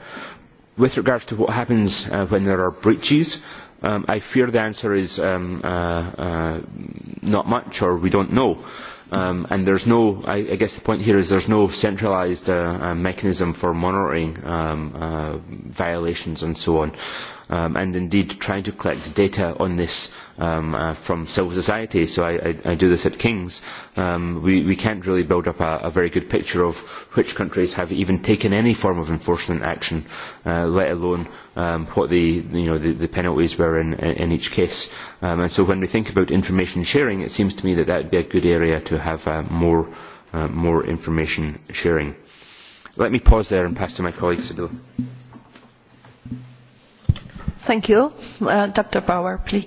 With regards to what happens uh, when there are breaches, um, I fear the answer is um, not much or we don't know and um, and there's no, I, guess the point here is there's no centralised uh, uh, mechanism for monitoring um, uh, violations and so on um, and indeed trying to collect data on this um, uh, from civil society. So I, I, I do this at King's. Um, we, we can't really build up a, a very good picture of which countries have even taken any form of enforcement action, uh, let alone um, what the, you know, the, the penalties were in, in each case. Um, and so when we think about information sharing, it seems to me that that would be a good area to have uh, more, uh, more information sharing. Let me pause there and pass to my colleague, Sibylla. Thank you. Uh, Dr. Bauer, please.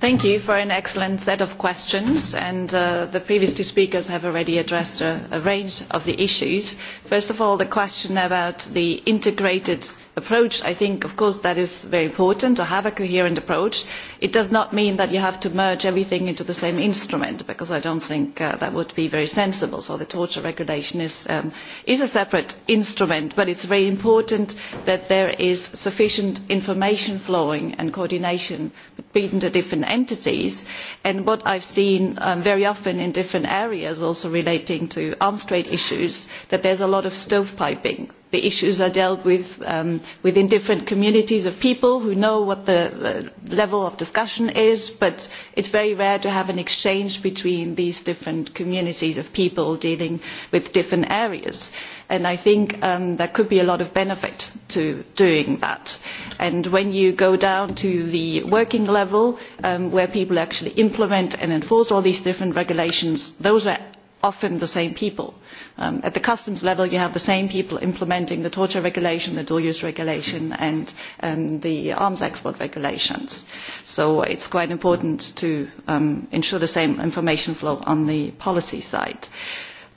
Thank you for an excellent set of questions, and uh, the previous two speakers have already addressed a, a range of the issues. First of all, the question about the integrated uh, approach i think of course that is very important to have a coherent approach. it does not mean that you have to merge everything into the same instrument because i do not think uh, that would be very sensible so the torture regulation is, um, a separate instrument but it is very important that there is sufficient information flowing and coordination between the different entities and what i have seen um, very often in different areas also relating to arms trade issues that there is a lot of stovepiping the issues are dealt with um, within different communities of people who know what the uh, level of discussion is but it is very rare to have an exchange between these different communities of people dealing with different areas and i think um, there could be a lot of benefit to doing that and when you go down to the working level um, where people actually implement and enforce all these different regulations those are often the same people. Um, at the customs level, you have the same people implementing the torture regulation, the dual-use regulation, and, um, the arms export regulations. So it's quite important to um, ensure the same information flow on the policy side. Uh,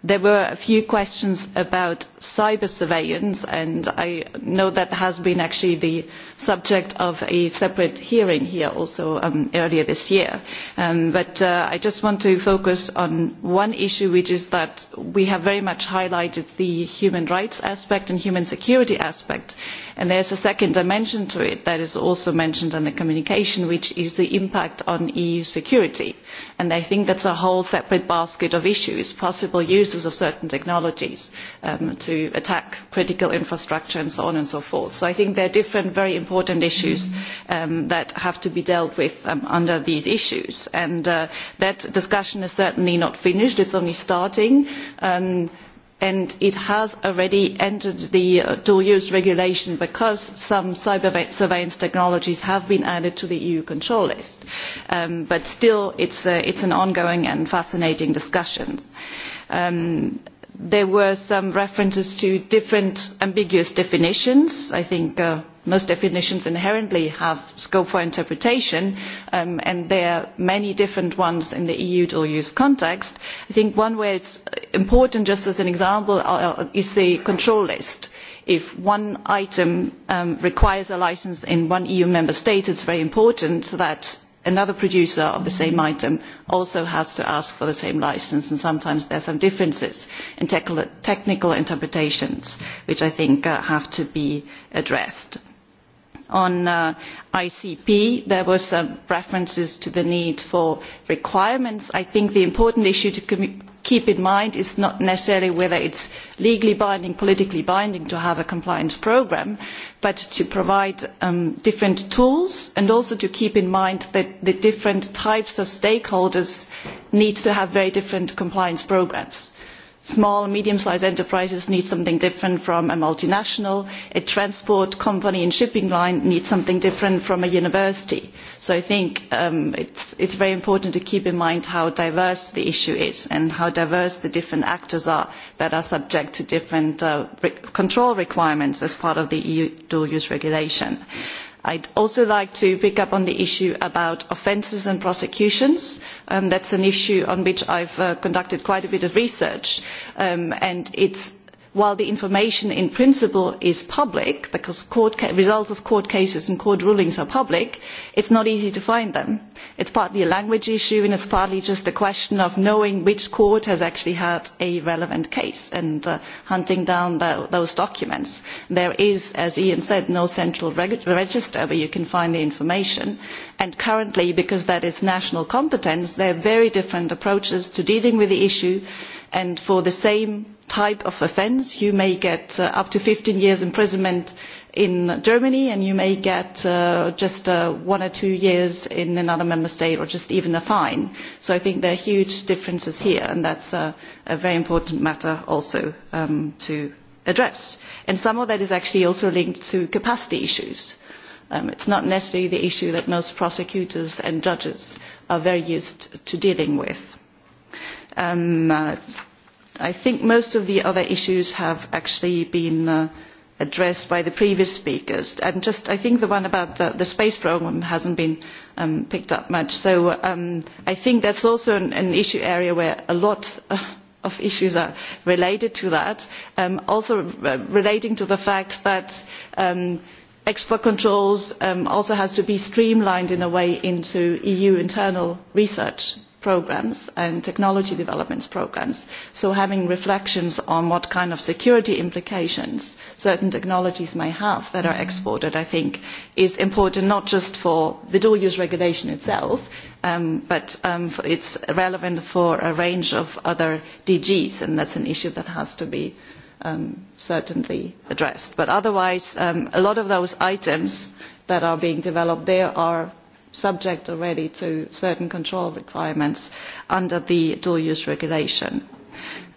there were a few questions about cyber surveillance and i know that has been actually the subject of a separate hearing here also um, earlier this year um, but uh, i just want to focus on one issue which is that we have very much highlighted the human rights aspect and human security aspect and there is a second dimension to it that is also mentioned in the communication which is the impact on eu security and i think that is a whole separate basket of issues possible uses of certain technologies um, to attack critical infrastructure and so on and so forth. so i think there are different very important issues um, that have to be dealt with um, under these issues and uh, that discussion is certainly not finished it is only starting. and and it has already entered the uh, dual use regulation because some cyber surveillance technologies have been added to the eu control list um, but still it uh, is an ongoing and fascinating discussion. Um, there were some references to different ambiguous definitions. i think uh, most definitions inherently have scope for interpretation um, and there are many different ones in the eu dual use context. i think one where it is important just as an example uh, uh, is the control list. if one item um, requires a licence in one eu member state it is very important that another producer of the same item also has to ask for the same licence, and sometimes there are some differences in technical interpretations which I think uh, have to be addressed. On uh, ICP, there were some references to the need for requirements. I think the important issue to keep in mind is not necessarily whether it is legally binding or politically binding to have a compliance programme but to provide um, different tools and also to keep in mind that the different types of stakeholders need to have very different compliance programmes small and medium sized enterprises need something different from a multinational a transport company and shipping line needs something different from a university so i think um, it is very important to keep in mind how diverse the issue is and how diverse the different actors are that are subject to different uh, control requirements as part of the eu dual use regulation i would also like to pick up on the issue about offences and prosecutions. Um, that is an issue on which i have uh, conducted quite a bit of research um, and it while the information in principle is public because results of court cases and court rulings are public it is not easy to find them. it is partly a language issue and it is partly just a question of knowing which court has actually had a relevant case and uh, hunting down those documents. there is as ian said no central register where you can find the information and currently because that is national competence there are very different approaches to dealing with the issue and for the same type of offence you may get uh, up to fifteen years imprisonment in germany and you may get uh, just uh, one or two years in another member state or just even a fine. so i think there are huge differences here and that is a, very important matter also um, to address. And some of that is actually also linked to capacity issues. Um, it is not necessarily the issue that most prosecutors and judges are very used to dealing with Um, uh, I think most of the other issues have actually been uh, addressed by the previous speakers. And just, I think the one about the, the space programme hasn't been um, picked up much. So um, I think that's also an, an, issue area where a lot of issues are related to that. Um, also uh, relating to the fact that um, export controls um, also has to be streamlined in a way into EU internal research programs and technology development programs. So having reflections on what kind of security implications certain technologies may have that are mm-hmm. exported, I think, is important not just for the dual-use regulation itself, um, but it um, is it's relevant for a range of other DGs, and that's an issue that has to be um, certainly addressed. But otherwise, a lot of those items that are being developed there are subject already to certain control requirements under the dual use regulation.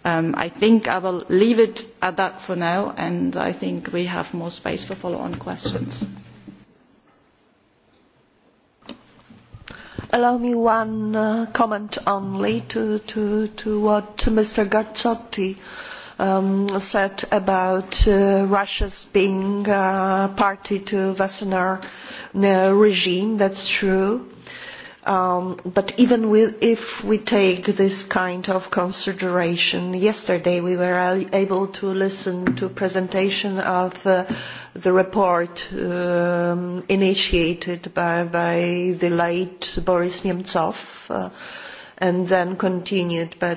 Um, I think I will leave it at that for now and I think we have more space for follow-on questions. Allow me one uh, comment only to, to, to what Mr. Garzotti uh, um, said about uh, Russia's being uh, party to Wassenaar uh, regime. That's true. Um, but even with, if we take this kind of consideration, yesterday we were able to listen to presentation of uh, the report um, initiated by, by the late Boris Nemtsov. Uh, and then continued by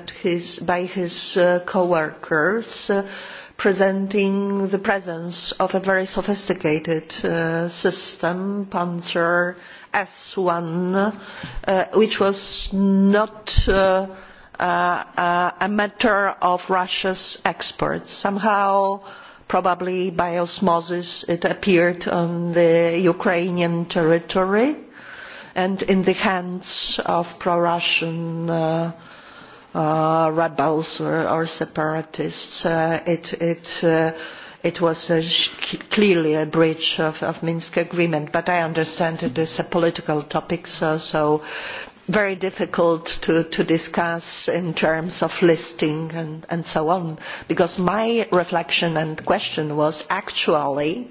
his uh, co-workers uh, presenting the presence of a very sophisticated uh, system, Panzer S1, which was not a matter of Russia's exports. Somehow, probably by osmosis, it appeared on the Ukrainian territory and in the hands of pro-Russian uh, uh, rebels or, or separatists. Uh, it, it, uh, it was a clearly a breach of, of Minsk agreement, but I understand it is a political topic, so, so very difficult to, to discuss in terms of listing and, and so on, because my reflection and question was actually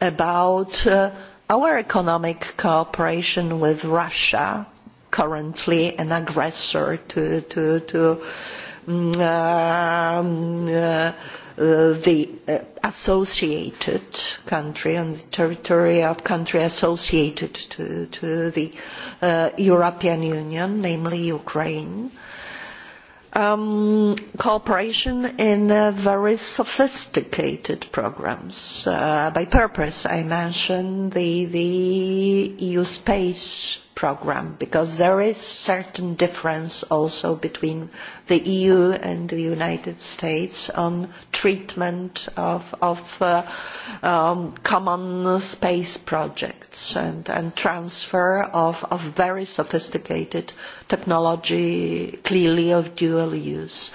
about uh, our economic cooperation with Russia, currently an aggressor to, to, to mm, um, uh, the uh, associated country and the territory of country associated to, to the uh, European Union, namely Ukraine. Uh, um, cooperation in uh, very sophisticated programs. Uh, by purpose, I mention the, the EU space programme because there is certain difference also between the EU and the United States on treatment of, of uh, um, common space projects and, and transfer of, of, very sophisticated technology clearly of dual use.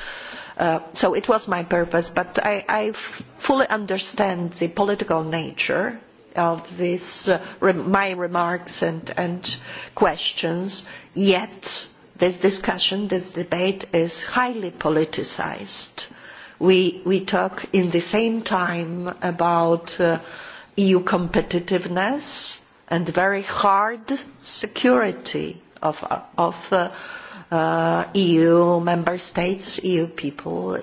Uh, so it was my purpose, but I, I fully understand the political nature of these uh, my remarks and, questions, yet this discussion, this debate is highly politicized. We, talk in the same time about uh, EU competitiveness and very hard security of, uh, EU member states, EU people,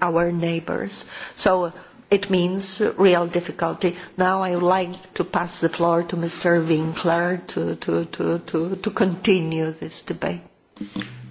our neighbours. So it means real difficulty. Now I would like to pass the floor to Mr. Winkler to, to, to, to, to continue this debate.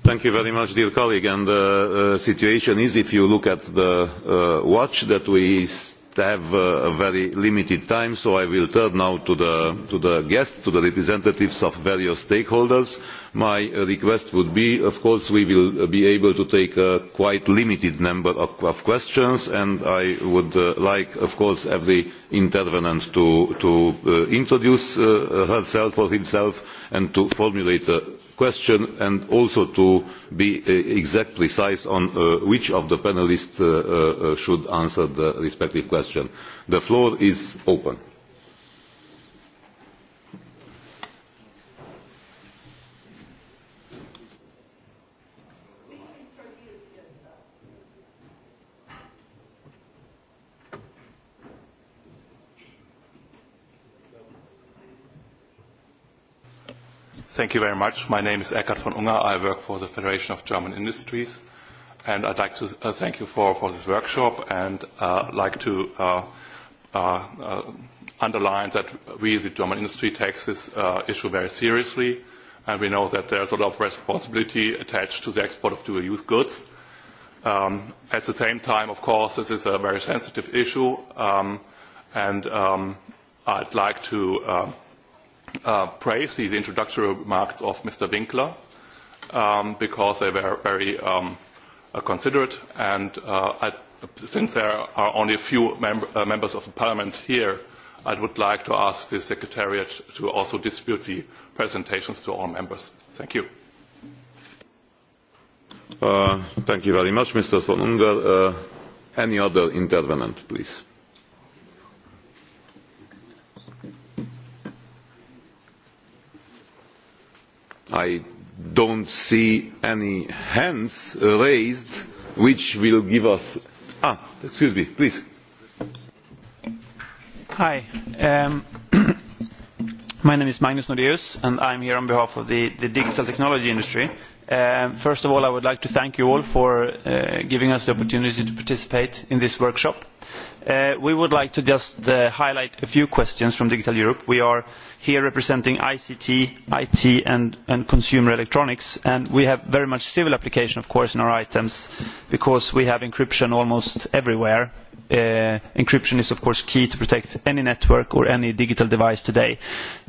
Thank you very much, dear colleague. And the uh, uh, situation is, if you look at the uh, watch that we to have a very limited time so i will turn now to the, to the guests to the representatives of various stakeholders. my request would be of course we will be able to take a quite limited number of, of questions and i would uh, like of course every intervenant to, to uh, introduce uh, herself or himself and to formulate a question and also to be uh, exact precise on uh, which of the panelists uh, should answer the respective question. the floor is open. Thank you very much. My name is Eckhard von Unger. I work for the Federation of German Industries. And I'd like to uh, thank you for, for this workshop and uh, like to uh, uh, uh, underline that we, the German industry, take this uh, issue very seriously. And we know that there's a lot of responsibility attached to the export of dual-use goods. Um, at the same time, of course, this is a very sensitive issue. Um, and um, I'd like to uh, uh, praise these introductory remarks of Mr. Winkler um, because they were very um, uh, considerate and uh, I, since there are only a few mem uh, members of the parliament here, I would like to ask the Secretariat to also distribute the presentations to all members. Thank you. Uh, thank you very much, Mr. von Unger. Uh, any other intervenant, please? i do not see any hands raised which will give us ah excuse me please hi um, my name is magnus nordeus and i am here on behalf of the, the digital technology industry um, first of all i would like to thank you all for uh, giving us the opportunity to participate in this workshop Uh, we would like to just uh, highlight a few questions from digital europe. we are here representing ict it and, consumer electronics and we have very much civil application of course in our items because we have encryption almost everywhere. Uh, encryption is of course key to protect any network or any digital device today.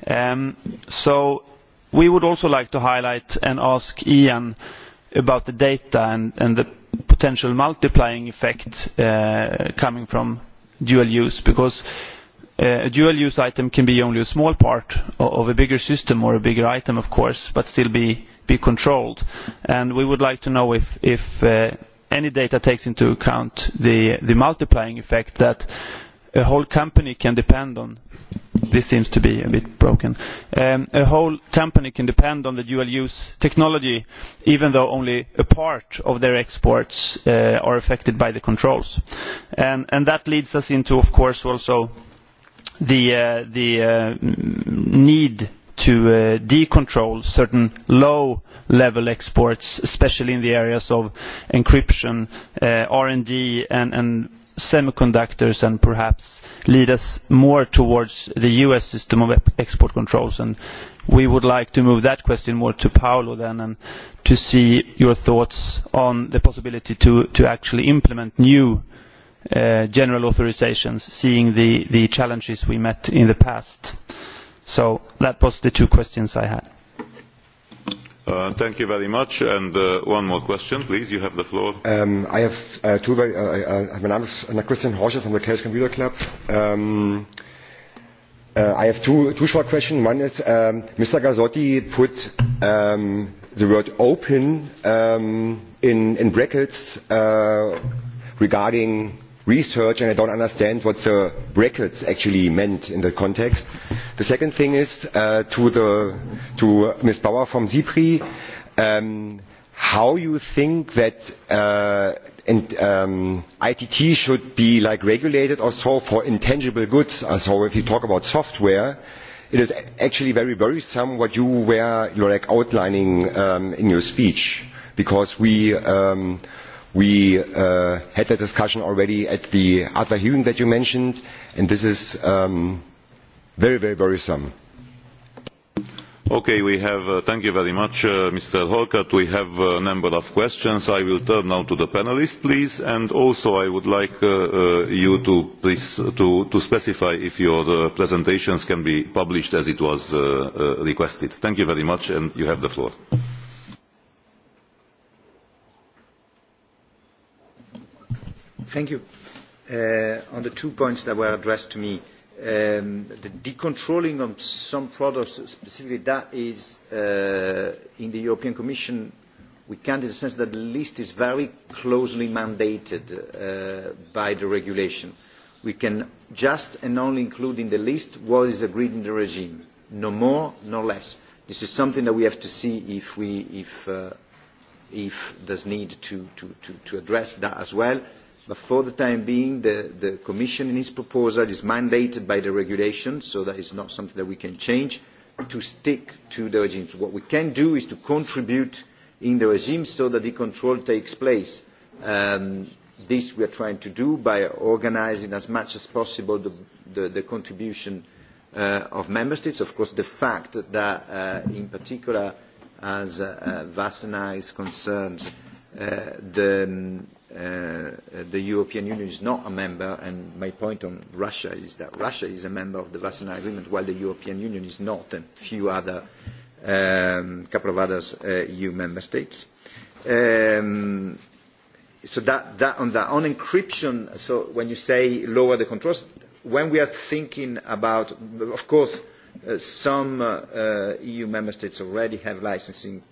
Um, so we would also like to highlight and ask ian about the data and, and the potential multiplying effect uh, coming from dual use because uh, a dual use item can be only a small part of a bigger system or a bigger item of course but still be, be controlled and we would like to know if, if uh, any data takes into account the, the multiplying effect that a whole company can depend on this seems to be a bit broken um, a whole company can depend on the dual use technology even though only a part of their exports uh, are affected by the controls and, and that leads us into of course also the, uh, the uh, need to uh, decontrol certain low level exports especially in the areas of encryption uh, R&D and, and semiconductors and perhaps lead us more towards the US system of export controls. And we would like to move that question more to Paolo then and to see your thoughts on the possibility to, to actually implement new uh, general authorizations, seeing the, the challenges we met in the past. So that was the two questions I had. Uh, thank you very much. And uh, one more question, please. You have the floor. Um, I have uh, two very. Uh, uh, my name is Christian Horscher from the Chaos Computer Club. Um, uh, I have two, two short questions. One is um, Mr. Gazzotti put um, the word open um, in, in brackets uh, regarding research and I don't understand what the brackets actually meant in the context. The second thing is uh, to, uh, Ms. Bauer from Cyprus, um, how how you think that uh, um, ITT should be like regulated or so for intangible goods. So if you talk about software, it is actually very worrisome what you were outlining um, in your speech because we we uh, had that discussion already at the other hearing that you mentioned and this is um, very very worrisome. Okay, we have, uh, thank you very much uh, mr horvath we have a number of questions. i will turn now to the panelists, please and also i would like uh, uh you to, please, uh, to, to specify if your uh, presentations can be published as it was requested. thank you very much and you have the floor. Thank you. Uh, on the two points that were addressed to me, um, the decontrolling of some products, specifically that is uh, in the European Commission, we can in the sense that the list is very closely mandated uh, by the regulation. We can just and only include in the list what is agreed in the regime, no more, no less. This is something that we have to see if, we, if, uh, if there's need to, to, to, to address that as well But for the time being, the, the Commission in its proposal is mandated by the regulation, so that is not something that we can change, to stick to the regime, What we can do is to contribute in the regime so that the control takes place. Um, this we are trying to do by organising as much as possible the, the, the contribution uh, of member states. Of course, the fact that, uh, in particular, as uh, is concerns, uh, the, um, Uh, the European Union is not a member, and my point on Russia is that Russia is a member of the Wassenaar Agreement, while the European Union is not, and few other, um, couple of other uh, EU member states. Um, so that, that on that. On encryption, so when you say lower the controls, when we are thinking about, of course, uh, some uh, uh, EU member states already have licensing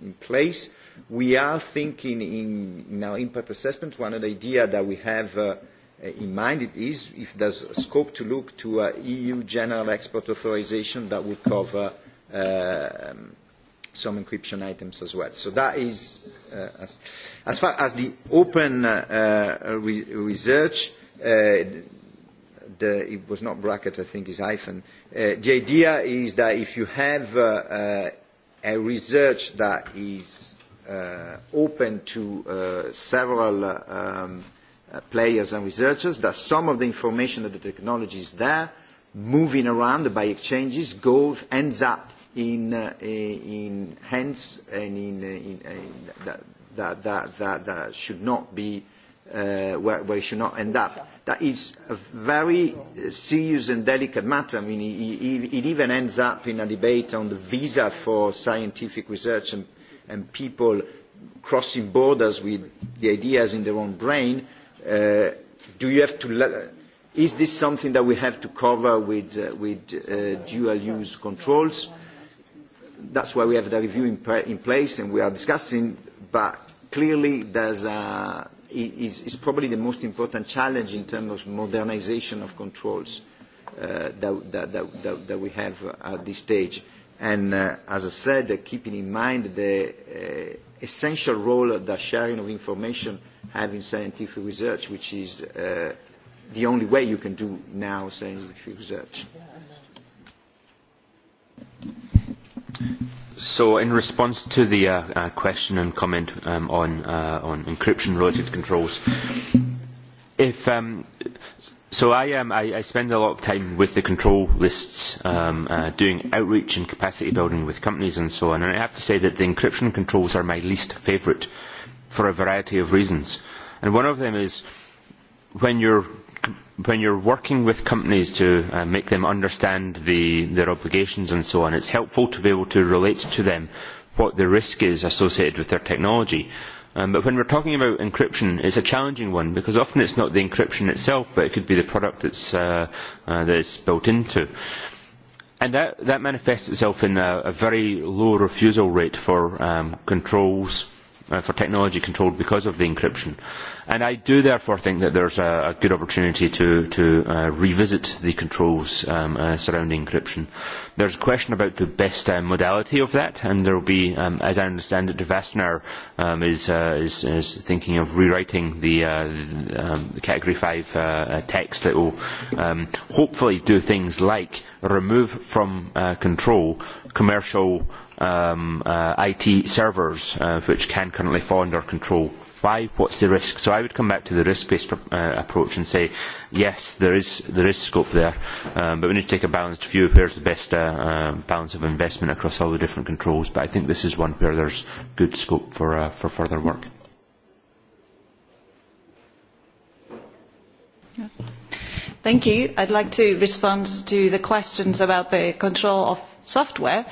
in place. Uh, We are thinking in, in our impact assessment, one of the idea that we have uh, uh in mind it is if there's scope to look to uh, EU general export authorization that would cover uh, um, some encryption items as well. So that is, uh, as, as far as the open uh, uh, re research, uh, the, it was not bracket, I think it's hyphen. Uh, the idea is that if you have uh, uh, a research that is uh, open to uh, several um, uh, um, players and researchers, that some of the information that the technology is there, moving around by exchanges, go, ends up in, uh, in hands and in, uh, in, uh, in that, that, that, that, that should not be uh, where, where it should not end up. That is a very uh, serious and delicate matter. I mean, it, it, it even ends up in a debate on the visa for scientific research and, and people crossing borders with the ideas in their own brain, uh, do you have to is this something that we have to cover with, uh, with uh, dual use controls? That's why we have the review in, in place and we are discussing, but clearly there's a, is, is probably the most important challenge in terms of modernization of controls uh, that, that, that, that we have at this stage and uh, as I said, uh, keeping in mind the uh, essential role that sharing of information have in scientific research, which is uh, the only way you can do now scientific research. So, in response to the uh, uh, question and comment um, on, uh, on encryption-related controls, Um, so I, um, I, I spend a lot of time with the control lists um, uh, doing outreach and capacity building with companies and so on and I have to say that the encryption controls are my least favourite for a variety of reasons and one of them is when you're when you're working with companies to uh, make them understand the, their obligations and so on, it's helpful to be able to relate to them what the risk is associated with their technology. Um, but when we are talking about encryption, it is a challenging one because often it is not the encryption itself, but it could be the product that's, uh, uh, built into. And that, that manifests itself in a, a very low refusal rate for um, controls, Uh, for technology control because of the encryption. And I do therefore think that there's a, a good opportunity to, to uh, revisit the controls um, uh, surrounding encryption. There's a question about the best uh, modality of that, and there will be, um, as I understand it, Vassner um, is, uh, is, is thinking of rewriting the, uh, um, the um, Category 5 uh, uh, text that will um, hopefully do things like remove from uh, control commercial um, uh, IT servers uh, which can currently fall under control. Why? What's the risk? So I would come back to the risk-based uh, approach and say, yes, there is, there is scope there, um, but we need to take a balanced view of where's the best uh, uh, balance of investment across all the different controls. But I think this is one where there's good scope for, uh, for further work. Thank you. I'd like to respond to the questions about the control of software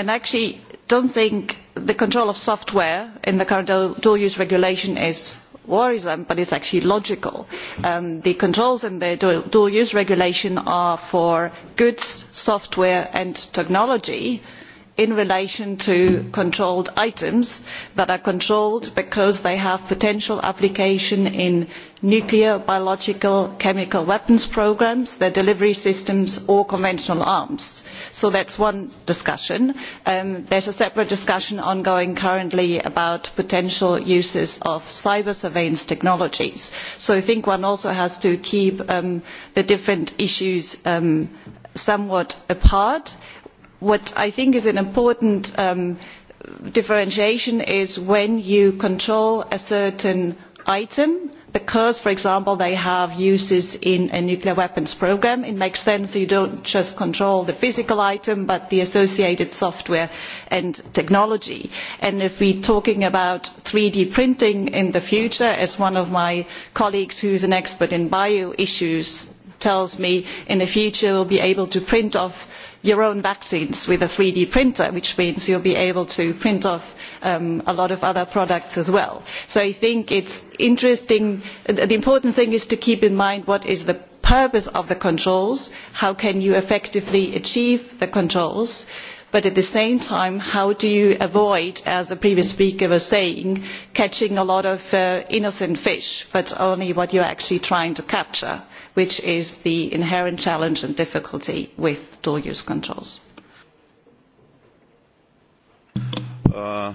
and actually do not think the control of software in the current dual use regulation is worrisome but it is actually logical. Um, the controls in the dual, dual use regulation are for goods software and technology and in relation to controlled items that are controlled because they have potential application in nuclear biological chemical weapons programmes their delivery systems or conventional arms. so that is one discussion. Um, there is a separate discussion ongoing currently about potential uses of cyber surveillance technologies. so i think one also has to keep um, the different issues um, somewhat apart what i think is an important um, differentiation is when you control a certain item because for example they have uses in a nuclear weapons programme it makes sense you do not just control the physical item but the associated software and technology and if we are talking about three d printing in the future as one of my colleagues who is an expert in bio issues tells me in the future we will be able to print off your own vaccines with a 3D printer, which means you'll be able to print off um, a lot of other products as well. So I think it's interesting. The important thing is to keep in mind what is the purpose of the controls, how can you effectively achieve the controls, but at the same time how do you avoid as the previous speaker was saying catching a lot of uh, innocent fish but only what you are actually trying to capture? which is the inherent challenge and difficulty with dual use controls. Uh,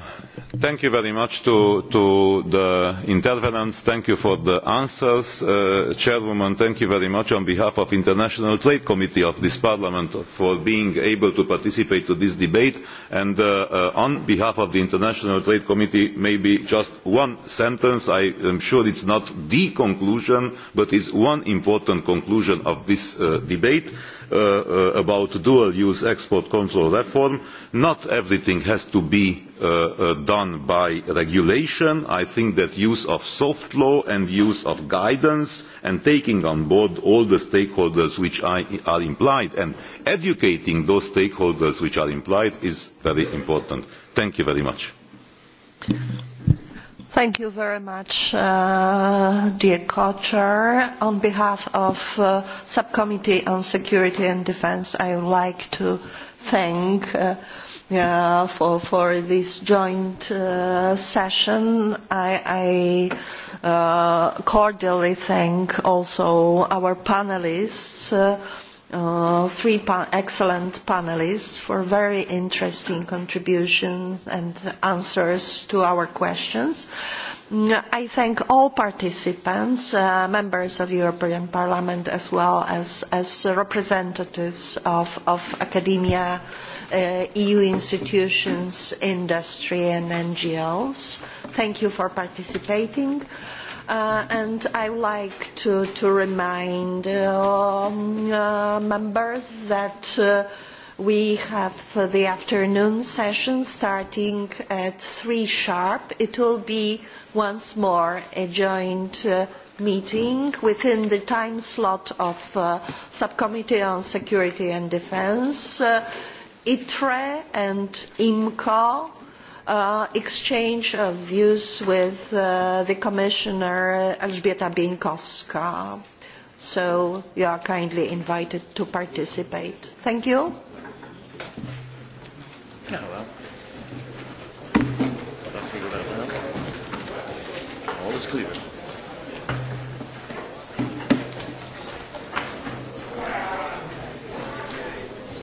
thank you very much to, to the intervenants thank you for the answers uh, chairwoman thank you very much on behalf of the international trade committee of this parliament for being able to participate in this debate and uh, uh, on behalf of the international trade committee maybe just one sentence i am sure it is not the conclusion but it is one important conclusion of this uh, debate. Uh, uh, about dual use export control reform not everything has to be uh, done by regulation. i think that use of soft law and use of guidance and taking on board all the stakeholders which are implied and educating those stakeholders which are implied is very important. thank you very much. Thank you very much, uh, dear co-chair. On behalf of uh, Subcommittee on Security and Defence, I would like to thank uh, uh, for, for this joint uh, session. I, I uh, cordially thank also our panelists uh, uh, three pa excellent panelists for very interesting contributions and answers to our questions. Mm, I thank all participants, uh, members of European Parliament as well as, as representatives of, of academia, uh, EU institutions, industry and NGOs. Thank you for participating. Uh, and I would like to, to remind um, uh, members that uh, we have the afternoon session starting at 3 sharp. It will be once more a joint uh, meeting within the time slot of uh, Subcommittee on Security and Defence, uh, ITRE and IMCO Uh, exchange of views with uh, the Commissioner Elżbieta Binkowska. So you are kindly invited to participate. Thank you. Yeah, well. All is clear.